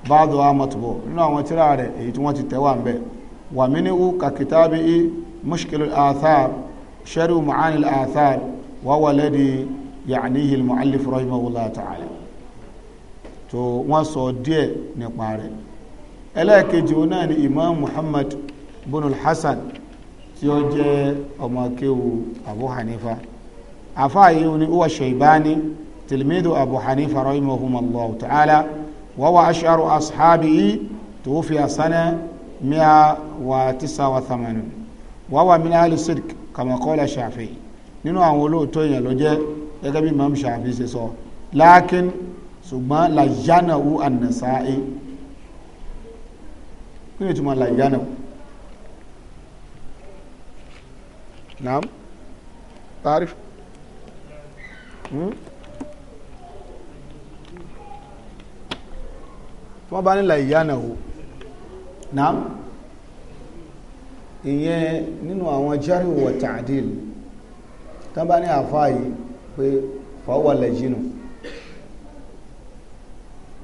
báàdù amatubo nínú àwọn tíra rẹ̀ èyí tí wọ́n ti tẹ̀wà ń bẹ̀ wà mí ní u ka i mushkilul athar sharhu ma'anil athar wa waladi ya'nihil mu'allif rahimahullah ta'ala tó wọ́n sọ díẹ̀ nípa rẹ̀ ẹlẹ́ẹ̀kejì òun náà ni imam muhammad bunul hasan tí ó jẹ́ ọmọ akéwu abu hanifa afa yìí ni uwa shaybani tilmidu abu hanifa rahimahum allah ta'ala wa wa asharu ashabihi tuwufiya sana mi'a wa tisa wa thamanun wa wa min ahli sidq kama qala shafi nínú àwọn olóòótọ́ èèyàn ló jẹ́ gẹ́gẹ́ bí imam shafi ṣe sọ lakin ṣùgbọ́n lajanahu an-nasa'i kí ni ìtumọ̀ làyánà naam taarif wọ́n bá ní làyánà o naam ìyẹn nínú àwọn jari wa ta'dil tán bá ní àfáà yìí pé fọwọ́ lẹ́jìnà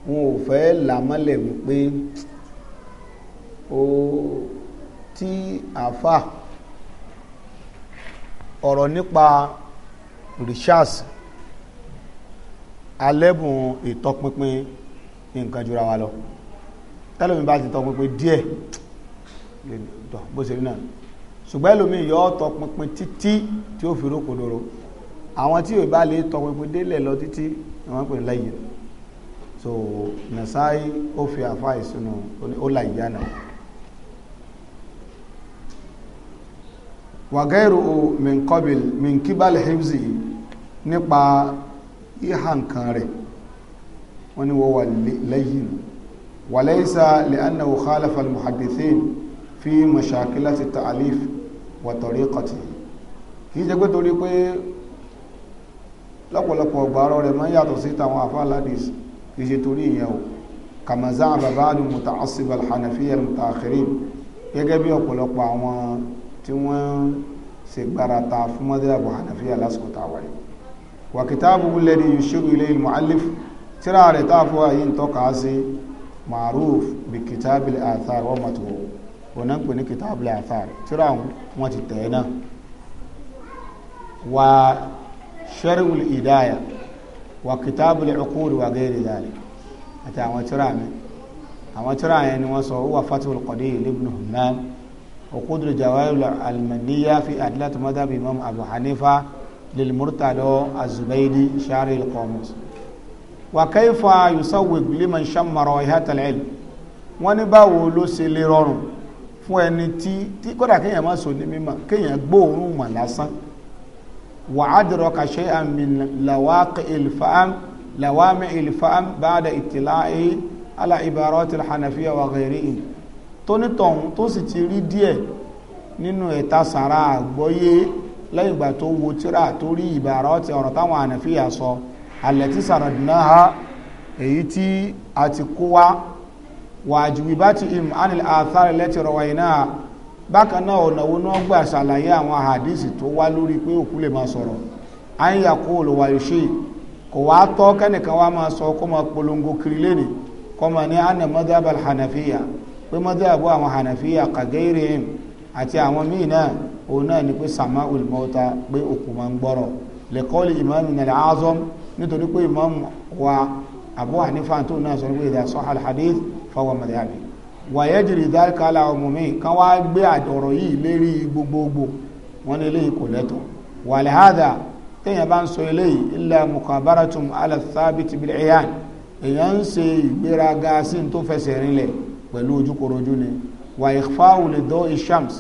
wọn ò fẹ́ làmọ́lẹ̀ wípé o ti àfà ọ̀rọ̀ nípa rishas alẹ́bùn ìtọpinpin nǹkan jura wa lọ tẹ́lẹ̀mí bá ti tọpinpin díẹ̀ bó ṣe rí náà ṣùgbọ́n ẹlòmí yọ tọpinpin títí tí ó fi rókò lóró àwọn tí yóò bá lè tọpinpin délẹ̀ lọ títí wọ́n pè lẹ́yìn so Nasai ó fi àfáà ìsinú ó là ìyá náà wagairu min qabil min kibal hibzi nípa ìhà nǹkan rẹ̀ wọ́n ni wọ́n wà lẹ́yìn wà laysa li'annahu khalafa al-muhaddithin fi mashakilati ta'alif wa tariqati kìí jẹ́ pé torí pé lọ́pọ̀lọpọ̀ ọgbàrọ̀ rẹ̀ máa yàtọ̀ sí tàwọn afáàládìs kìí ṣe torí ìyẹn o kama za'aba ba'du muta'assib al gẹ́gẹ́ bí ọ̀pọ̀lọpọ̀ àwọn tí wọ́n ṣe gbarata fún madhhabu hanafiya lásìkò tàwa yìí wa kitabuhu alladhi yushiru ilayhi al-mu'allif tíra rẹ̀ tá a fọ́ àyè ń tọ́ka sí maruf bi kitabil athar wa matuhu ọ̀nà ń pè ní kitabil athar tíra wọn ti tẹ̀ náà wa shar'ul idaya wa kitabu al-uqud wa ghayri àti àwọn tíra mi àwọn tíra yẹn ni wọ́n sọ wọ́n wà fatihul qadir ibn humam وقدر جوائل المنية في أدلة مذهب إمام أبو حنيفة للمرتضى الزبيدي شارح القاموس وكيف يسوق لمن شم رائحة العلم wọ́n ní báwo ló ṣe lè rọrùn fún ẹni tí tí kódà kéèyàn má sọ ní mímọ̀ kéèyàn gbóòórùn mọ̀ lásán wa adraka shay'an min lawaqi al-fa'am lawami al-fa'am ba'da ittila'i ala ibarat al-hanafiyya wa ghayrihi tónítọ̀hún tó sì ti rí díẹ̀ nínú ẹ̀ta sàrà àgbọ́yé lẹ́yìn ìgbà tó wo tíra tó rí ìbára ọ̀tí ọ̀rọ̀ táwọn ànàfíà sọ alẹ̀ tí sàrọ̀dínáà èyí tí a ti kó wá wàjúwì bá ti im anil àtàrí lẹ́tì rọwà iná bákan náà ọ̀nà wo náà gbà ṣàlàyé àwọn àdìsì tó wá lórí pé òkú lè máa sọ̀rọ̀ à kó olùwà ìṣe kò wá tọ́ kẹ́nìkan wá máa sọ kó máa polongo kiri lẹ́nìí kó ní anamọ́dábàl hànàfíà pé mọ́dàbù àwọn hànàfíà kàgẹ́rìm àti àwọn míì náà òun náà ni pé sàmá olùmọ́ta pé òkú máa ń gbọ́rọ̀ lẹ́kọ́ọ̀lì ìmáàmù nàlẹ́ azọ́m nítorí pé ìmáàmù wa Abu Hanifa tó náà sọ pé ìdá sọ́hà alhadith fáwọn mọ̀dàbí wàyẹ́jìrì dárìkà láwọn mọ̀mí kan wá gbé àdọ̀rọ̀ yìí lérí gbogbogbò wọn ní eléyìí kò lẹ́tọ̀ wàlẹ́hàdà téèyàn bá ń sọ eléyìí ilẹ̀ mukabaratum alathabit èèyàn ń ṣe ìgbéraga sí tó fẹsẹ̀ rinlẹ̀ pẹ̀lú ojúkorojú ni wà ìfáwù lè dọ́ ishams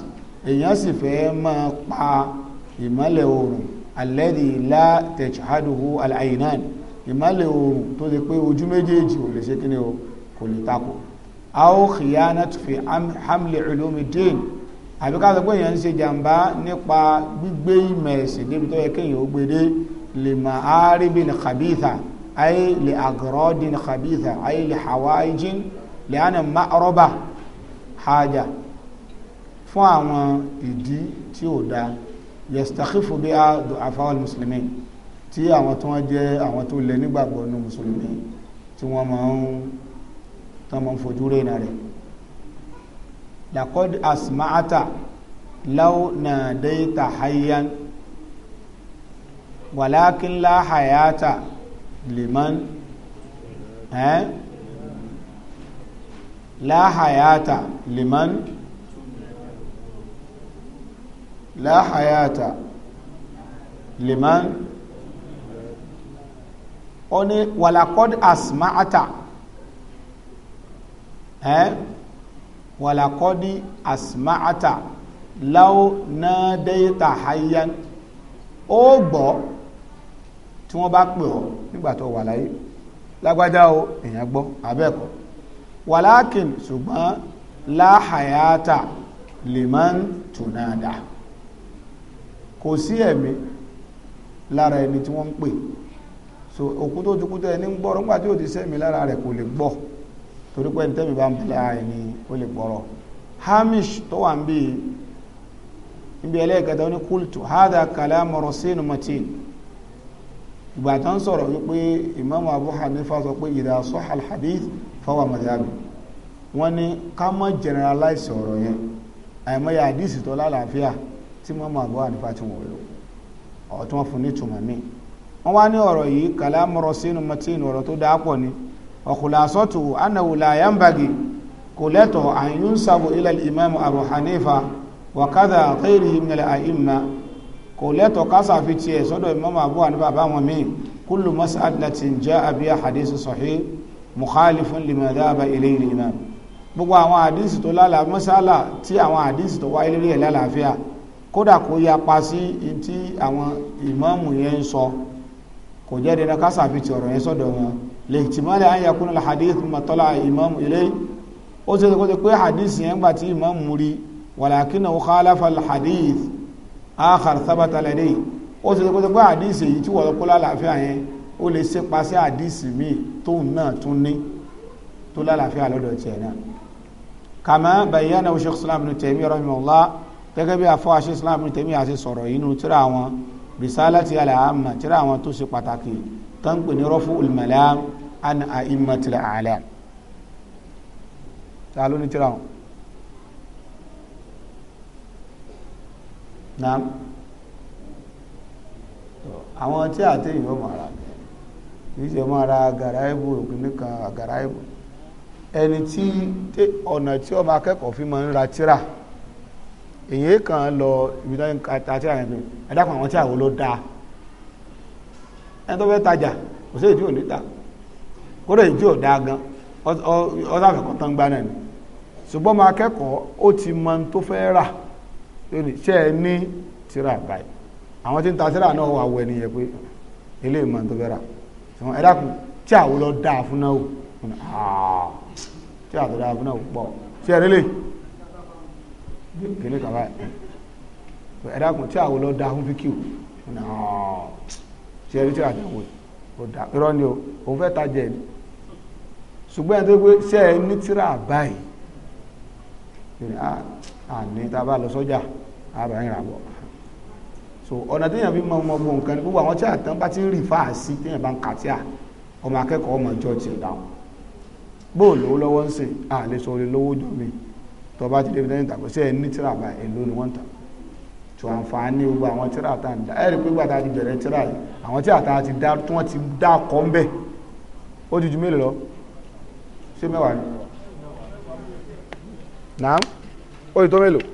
èèyàn sì fẹ́ máa pa ìmọ́lẹ̀ oòrùn alẹ́dì ilá tẹ̀chádùhù aláìnáàn ìmọ́lẹ̀ oòrùn tó ti pé ojú méjèèjì ò lè ṣe kí ni o kò lè takò a ó kìyànà fi hamli ulumi dín àbí ká pé èèyàn ń ṣe jàǹbá nípa gbígbé ìmọ̀ ẹ̀sìn débi tó yẹ kéèyàn ó gbé dé lè mà áríbìn khabitha ayé lè àgọ́rọ́dìn khabitha ayé lè hawaijin lẹ́yìn márọ́bà hajà fún àwọn ìdí tí ò da yastakifu bí a do afáwọn mùsùlùmí tí àwọn tó wọ́n jẹ́ àwọn tó lẹ nígbàgbọ́ ní mùsùlùmí tí wọ́n máa ń tó máa ń fojú lakod asmaata law nadaita hayyan walakin la hayata liman eh? la hayata liman la hayata liman ó ní walakod asma'ata ẹ́ walakod asma'ata láwọ́ náà dẹ́yẹ́ta hayyan ó gbọ́ tí wọ́n bá pè ọ́ nígbà tó wà láyé lágbájá o èèyàn gbọ́ abẹ́ẹ̀kọ́ wàláàkìn ṣùgbọ́n láhàyàtà lèman tùnádà kò sí ẹ̀mí lára ẹni tí wọ́n ń pè so òkú tó tukú tẹ́ ẹni ń gbọ́rọ̀ nígbà tí ò ti sẹ́mi lára rẹ̀ kò lè gbọ́ torí pé ẹnitẹ́mi bá ń bẹ lára ẹni ó lè gbọ́rọ̀ hamish tó wà ń bí níbi ẹlẹ́ẹ̀kẹta ó ní kultu hádà kàlámù rasinu matin ìgbà tó sọ̀rọ̀ wípé imam abu hanifa sọ pé ìdá sọ́hà al fọwọ́ mọ̀tẹ́yàbí wọ́n ní ká mọ́ generalize ọ̀rọ̀ yẹn àìmọye àdìsí tó lálàáfíà tí wọ́n máa bọ́ ànífà tí wọ́n lò ọ̀ tí wọ́n fún ní tùmọ̀ mí wọ́n wá ní ọ̀rọ̀ yìí kàlámọ̀rọ̀ sínú mọ́tínú ọ̀rọ̀ tó dáa pọ̀ ni ọ̀kùlàsọ́tù anáwòlà àyàmbàgì kò lẹ́tọ̀ àyún sàbò ilẹ̀ imam abu hanifa wàkádà àtẹ́rì ìmìnira àìmà kò lẹ́tọ̀ kásà fi tiẹ̀ sọ́dọ̀ imam abu hanifa báwọn míì kúlù mọ́sálàtì jẹ́ àbí àhàdìsí sọ̀hí mukhalifun lima dhaba ilayhi al-imam gbogbo àwọn àdínsì tó lálàá mọ́sálà tí àwọn àdínsì tó wáyé lórí ẹ̀ lálàáfíà kódà kó yapa sí tí àwọn ìmáàmù yẹn ń sọ kò jẹ́ dandan ká sàfihàn ọ̀rọ̀ yẹn sọ́dọ̀ wọn lè tìmọ́lẹ̀ an yakuna al-hadith mọ̀tọ́lá ìmáàmù ilayhi ó ṣe kó ṣe pé hadith yẹn gbà tí ìmáàmù rí walakinahu khalafa al-hadith akhar thabata ladayhi ó ṣe kó pé hadith èyí tí wọ́n kó lálàáfíà yẹn ó lè ṣe paṣẹ àdìsí míì tóun náà tún ní tó lálàáfíà lọ́dọ̀ tiẹ̀ náà kàmá bayyana sheikh islam ibn taymiya rahimahullah gẹ́gẹ́ bí afọ àṣẹ islam ibn taymiya àti sọ̀rọ̀ yìí nù tíra àwọn risalati al-amma tíra àwọn tó ṣe pàtàkì tó ń pè ní raf'ul malam an a'immatil a'lam ta ló ní tíra wọn. naam àwọn tí àtẹ̀yìn ó mọ̀ ara ni kì í ṣe máa ra àgàrà ìbò nìkan àgàrà ìbò ẹni tí ọ̀nà tí ọmọ akẹ́kọ̀ọ́ fi máa ń ra tíra èyí kan lọ ibi tó ń ta tíra yẹn pé ẹ̀dàkùn àwọn tí àwọn ló dáa ẹni tó fẹ́ tajà kò sí ìdí òní ta kódà ìdí ò dáa gan ọ́sàfẹ́kọ̀ọ́ tán gbá náà ni ṣùgbọ́n máa kẹ́kọ̀ọ́ ó ti mọ tó fẹ́ rà lónìí ṣe é ní tíra báyìí àwọn tí ń ta tíra náà wà wọ ẹni yẹ pé eléyìí mọ tó fẹ́ rà ṣùgbọ́n ẹ dákun tí àwọn lọ dáa fún náà o ah, tí àwọn dáa fún náà o pọ̀ ṣé ẹ rí lè kìíní kàwá tí àwọn lọ dáa fún fíkì o ah, ṣé tí àdáwò o dá irọ́ ni o òun fẹ́ ta ni ṣùgbọ́n ẹ tó gbé so ọ̀nà téèyàn fi mọ ọmọ ọgbọ̀n nǹkan ni gbogbo àwọn tí àtàn bá ti ń rìn fáà sí téèyàn bá ń kà tí à ọmọ akẹ́kọ̀ọ́ ọmọ ìjọ ti dáhùn bóò lówó lọ́wọ́ ń sìn à lè sọ orí lówó jọ mi tó bá ti débi lẹ́yìn tàbí sí ẹni tíra bá èlò ni wọ́n tà tó àǹfààní gbogbo àwọn tíra tá à ń dá ẹ̀rí pé gbàtà ti bẹ̀rẹ̀ tíra àwọn tí wọ́n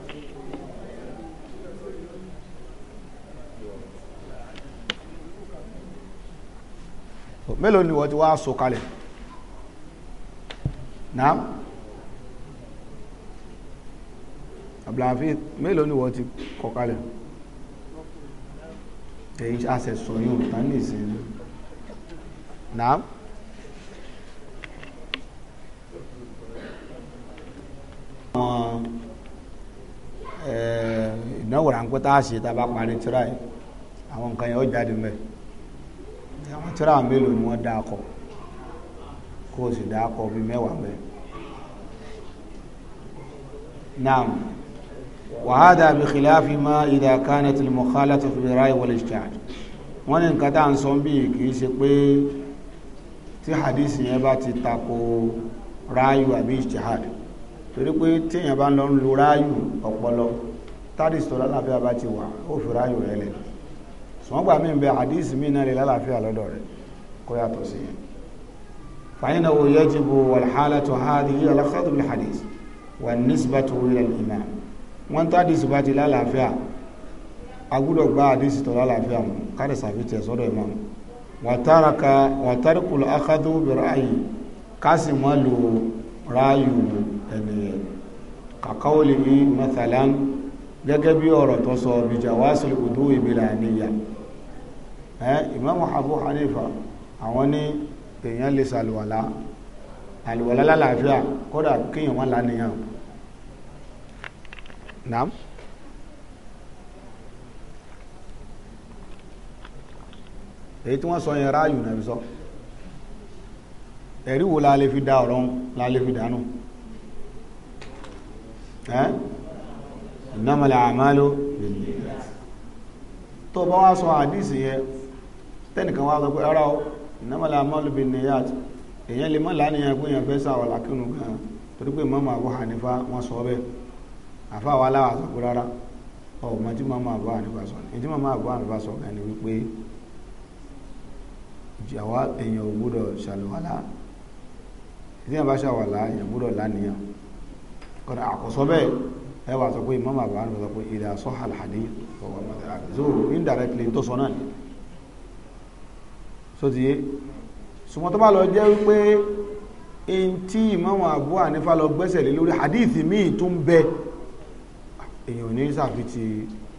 mélòó ni wọ́n ti wá so kalẹ̀ naam abdulhafi mélòó ni wọ́n ti kọ kalẹ̀ èyí àṣẹ sọ yóò tán ní ìsinmi àwọn ìnáwó a ṣe tá a parí tíra àwọn tíra mélòó ni wọ́n dákọ̀ kó o sì dákọ̀ bí mẹ́wàá bẹ́ẹ̀ naam wàhádà bí kìláàfi má ìdá kánẹ̀ tí mo kálá tó fi ráyè wọlé ṣáàjì wọ́n ní nǹkan tá à ń sọ bí kìí ṣe pé tí hadith yẹn bá ti tako ráyù àbí ìṣtihad torí pé téèyàn bá ń lọ ń ráyù ọpọlọ tádìsí tó lálàáfíà ti wà ó fi ráyù rẹ̀ lẹ́nu ṣùgbọ́n gbà mí bẹ hadith mi náà lè lálàáfíà lọ́dọ̀ rẹ̀ kó yàtọ̀ sí yẹn fàyínàwó yajibu wàlhálà tó hádì yìí alákàtà bí hadith wà nísìbà tó wílẹ̀ ìmọ̀ wọn tá hadith bá ti lálàáfíà agbúdọ̀ gba hadith tó lálàáfíà mu kárí sàfi tẹ̀ sọ́dọ̀ imam wàtáraka wàtárikul akadu bi ra'ayi kásì mọ́ lu ráàyù ẹnìyẹn gẹ́gẹ́ bí ọ̀rọ̀ tó sọ bìjà wàásù ìbùdó ìbìlà níyà Imam Abu Hanifa àwọn ní èèyàn lè ṣàlùwàlá àlùwàlá lálàáfíà kódà kéèyàn wọn lánìyàn nàám. èyí tí wọ́n sọ yẹn ráàyù náà sọ ẹ̀rí wo la lè fi da ọ̀rọ̀ la lè fi dànù ẹ́ innamal a'malu tó bá wá sọ àdìsí yẹn tẹ́nìkan wá sọ pé ara o ìnámọ̀lá mọ́lùbí niyat èèyàn lè mọ́ lánìyàn pé èèyàn fẹ́ sàwọ̀ lákínú gan torí pé mọ́mọ́ àbú hànífà wọ́n sọ bẹ́ẹ̀ àfa wa láwà sọ pé rárá ọ̀gbọ́n tí mọ́mọ́ àbú hànífà sọ ní tí mọ́mọ́ àbú hànífà sọ gan ni wípé jàwá èèyàn ò gbúdọ̀ ṣàlùwàlá tí èèyàn bá ṣàwàlá èèyàn gbúdọ̀ lánìyàn kọ́nà àkọ́sọ bẹ́ẹ̀ ẹ wà sọ pé mọ́mọ́ àbú hànífà sọ pé ìdá sọ́hàl hadith ọ̀gbọ́n mọ́tẹ́ sotiye ṣùgbọ́n tó bá lọ jẹ́ wípé in tí ìmọ̀wọ̀n Abu Hanifa lọ gbẹ́sẹ̀ lé lórí hadith míì tún bẹ èèyàn ní sàfi ti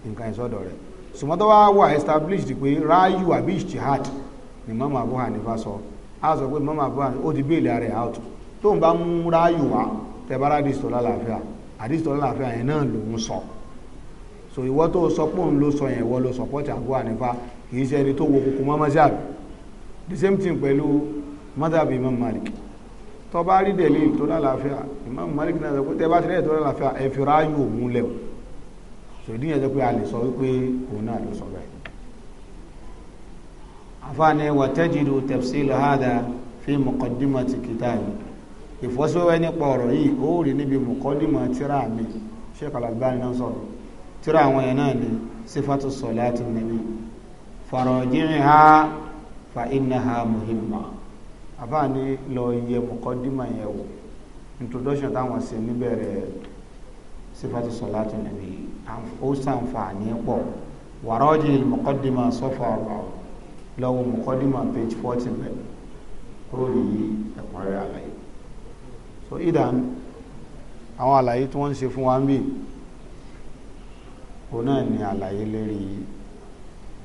nǹkan ìsọ́dọ̀ rẹ̀ ṣùgbọ́n tó wá wà established pé ráyù àbí ijtihad ni mọ́mọ́ Abu Hanifa sọ a sọ pé mọ́mọ́ Abu Hanifa ó ti bèèlè rẹ̀ out tó ń bá mú ráyù wá tẹ́bára àdìsọ́ lálàáfíà àdìsọ́ lálàáfíà yẹn náà lòún sọ so ìwọ tó sọ pé òun ló sọ yẹn ìwọ ló sọ pọ́ọ̀tì Abu Hanifa kì í ṣe ẹni tó wo kókó mọ́mọ́sí àbí the same thing pẹ̀lú madhab imam malik tó bá rí dẹ̀lí tó lálàáfíà imam malik náà sọ pé tẹ́ bá ti rẹ̀ tó lálàáfíà ẹ fi ráyò òun lẹ̀ o sòdí yẹn sọ pé a lè sọ wípé òun náà ló sọ bẹ́ẹ̀ afaani wa tajidu tafsil hada fi muqaddimati kitabi ìfọ́síwẹ́wẹ́ nípa ọ̀rọ̀ yìí ó rí níbi mùkọ́dìmọ̀ tíra mi Sheikh al náà sọ̀rọ̀ tíra àwọn yẹn náà ni sífàtú sọ̀láàtì nàbí fàrọ̀jìnrìn ha fa innaha muhimma àfáàní lọ yẹ mọ̀kọ́dímà yẹn wò introduction táwọn ṣe níbẹ̀rẹ̀ sífàtì sọ̀láàtì nàbí ó sàǹfààní pọ̀ wàrọ́jì mọ̀kọ́dímà sọ́fà ọ̀rọ̀ lọ́wọ́ mọ̀kọ́dímà page forty bẹ̀rẹ̀ ó rí ẹ̀kúnrẹ́rẹ́ àlàyé so idan àwọn àlàyé tí wọ́n ń ṣe fún wa ń bì òun náà ni àlàyé lérí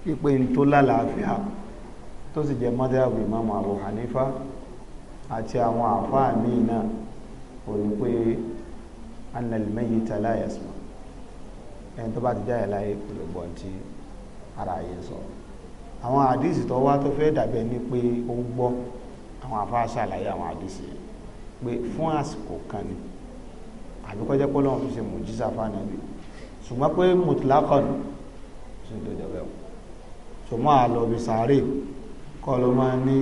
pípé ń lálàáfíà tó sì jẹ́ mọ́dẹ́àbù ìmáàmù Abu Hanifa àti àwọn àfáà míì náà ò ní pé anàlìmẹ́yì tàlá yasma ẹni tó bá ti jáyà láyé kò lè gbọ́n tí ara yìí sọ àwọn àdìsí tó wá tó fẹ́ dàbẹ̀ ni pé ó ń gbọ́ àwọn àfáà ṣàlàyé àwọn àdìsí pé fún àsìkò kan ni àbí kọjá pé lọ́wọ́ fi ṣe mùjísà fáànà bí ṣùgbọ́n pé mùtìlákọ̀nù ṣe tó jẹ́ bẹ́ẹ̀ ṣùgbọ́n àlọ́ bí sàárè kọ́ ló máa ní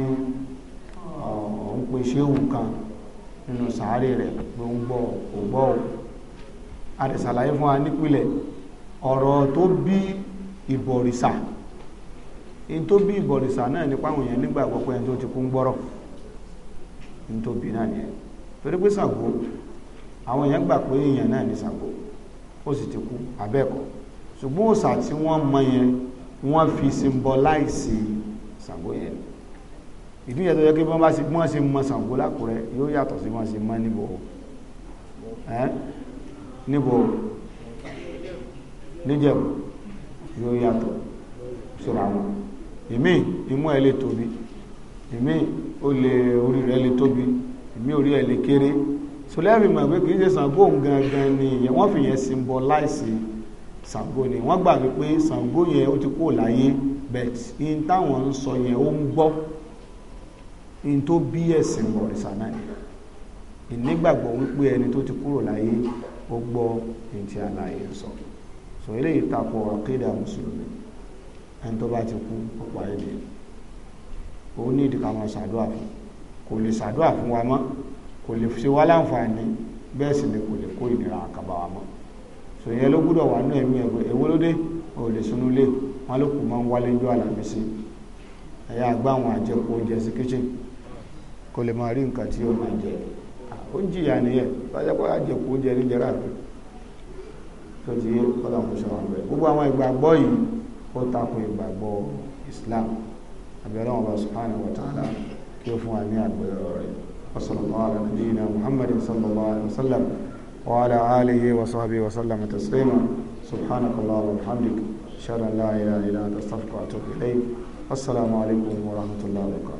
òun pe ṣéwù kan nínú sàárè rẹ̀ pé ń gbọ́ kò gbọ́ o a lè ṣàlàyé fún wa nípìnlẹ̀ ọ̀rọ̀ tó bí ìbọ̀rìṣà in tó bí ìbọ̀rìṣà náà nípa àwọn èèyàn nígbàgbọ́ pé ẹni tó ti kú ń gbọ́rọ̀ in tó bí náà nìyẹn torí pé Ṣàngó àwọn èèyàn gbà pé èèyàn náà ní Ṣàngó ó sì ti kú abẹ́ẹ̀kọ́ ṣùgbọ́n òòṣà tí wọ́n mọ yẹn wọ́n fi symbolize Ṣàngó yẹn ìdí yẹn tó yẹ kí wọ́n bá ṣe mọ́ ṣe mọ́ Ṣàngó lákùrẹ́ yóò yàtọ̀ sí wọ́n ṣe mọ́ níbo níbo níjẹ̀bù yóò yàtọ̀ sọ̀rọ̀ àwọn ìmí imú ẹ̀ lè tóbi ìmí ó lè orí rẹ̀ lè tóbi ìmí orí ẹ̀ lè kéré sọlẹ́rì mọ̀ pé kì í ṣe Ṣàngó gangan ni wọ́n fi yẹn symbolize Ṣàngó ni wọ́n gbà wípé Ṣàngó yẹn ó ti kúrò láyé but in táwọn ń sọ yẹn ó ń gbọ́ in tó bí ẹ̀sìn bọ̀rìṣà náà ìnígbàgbọ́ wípé ẹni tó ti kúrò láyé ó gbọ́ ẹni tí aláyé ń sọ sọ eléyìí tako àkéde àmùsùlùmí ẹni tó bá ti kú ọ̀pọ̀ ayédè ó ní ìdí ká máa ṣàdúrà fún kò lè ṣàdúrà fún wa mọ́ kò lè ṣe wá láǹfààní bẹ́ẹ̀ sì ni kò lè kó ìnira àkàbà wa mọ́ sọ yẹn ló gbúdọ̀ wà nínú ẹ̀mí ẹ̀wọ́ ò lè sunú lé wọn ló kù mọ́ ń wálé jọ àlàmísì ẹ̀yà àgbà àwọn àjẹkù oúnjẹ sí kíchìn kò lè máa rí nǹkan tí ó máa jẹ ó ń jìyà nìyẹn bájẹ́ pé àjẹkù oúnjẹ ní jẹ́rà rẹ̀ tó ti yé kọ́lá kò sọ wọn bẹ́ẹ̀ gbogbo àwọn ìgbàgbọ́ yìí ó tako ìgbàgbọ́ Islam abẹ́rẹ́ wọn bá subhanahu wa kí ó fún wa ní àgbẹ̀rẹ̀ rẹ̀ wasallallahu ala nabiyyina muhammadin sallallahu alaihi wasallam wa ala alihi wa sahbihi wa sallam taslima subhanakallah wa bihamdika أشهد لا إله إلا أنت أستغفرك وأتوب إليك السلام عليكم ورحمة الله وبركاته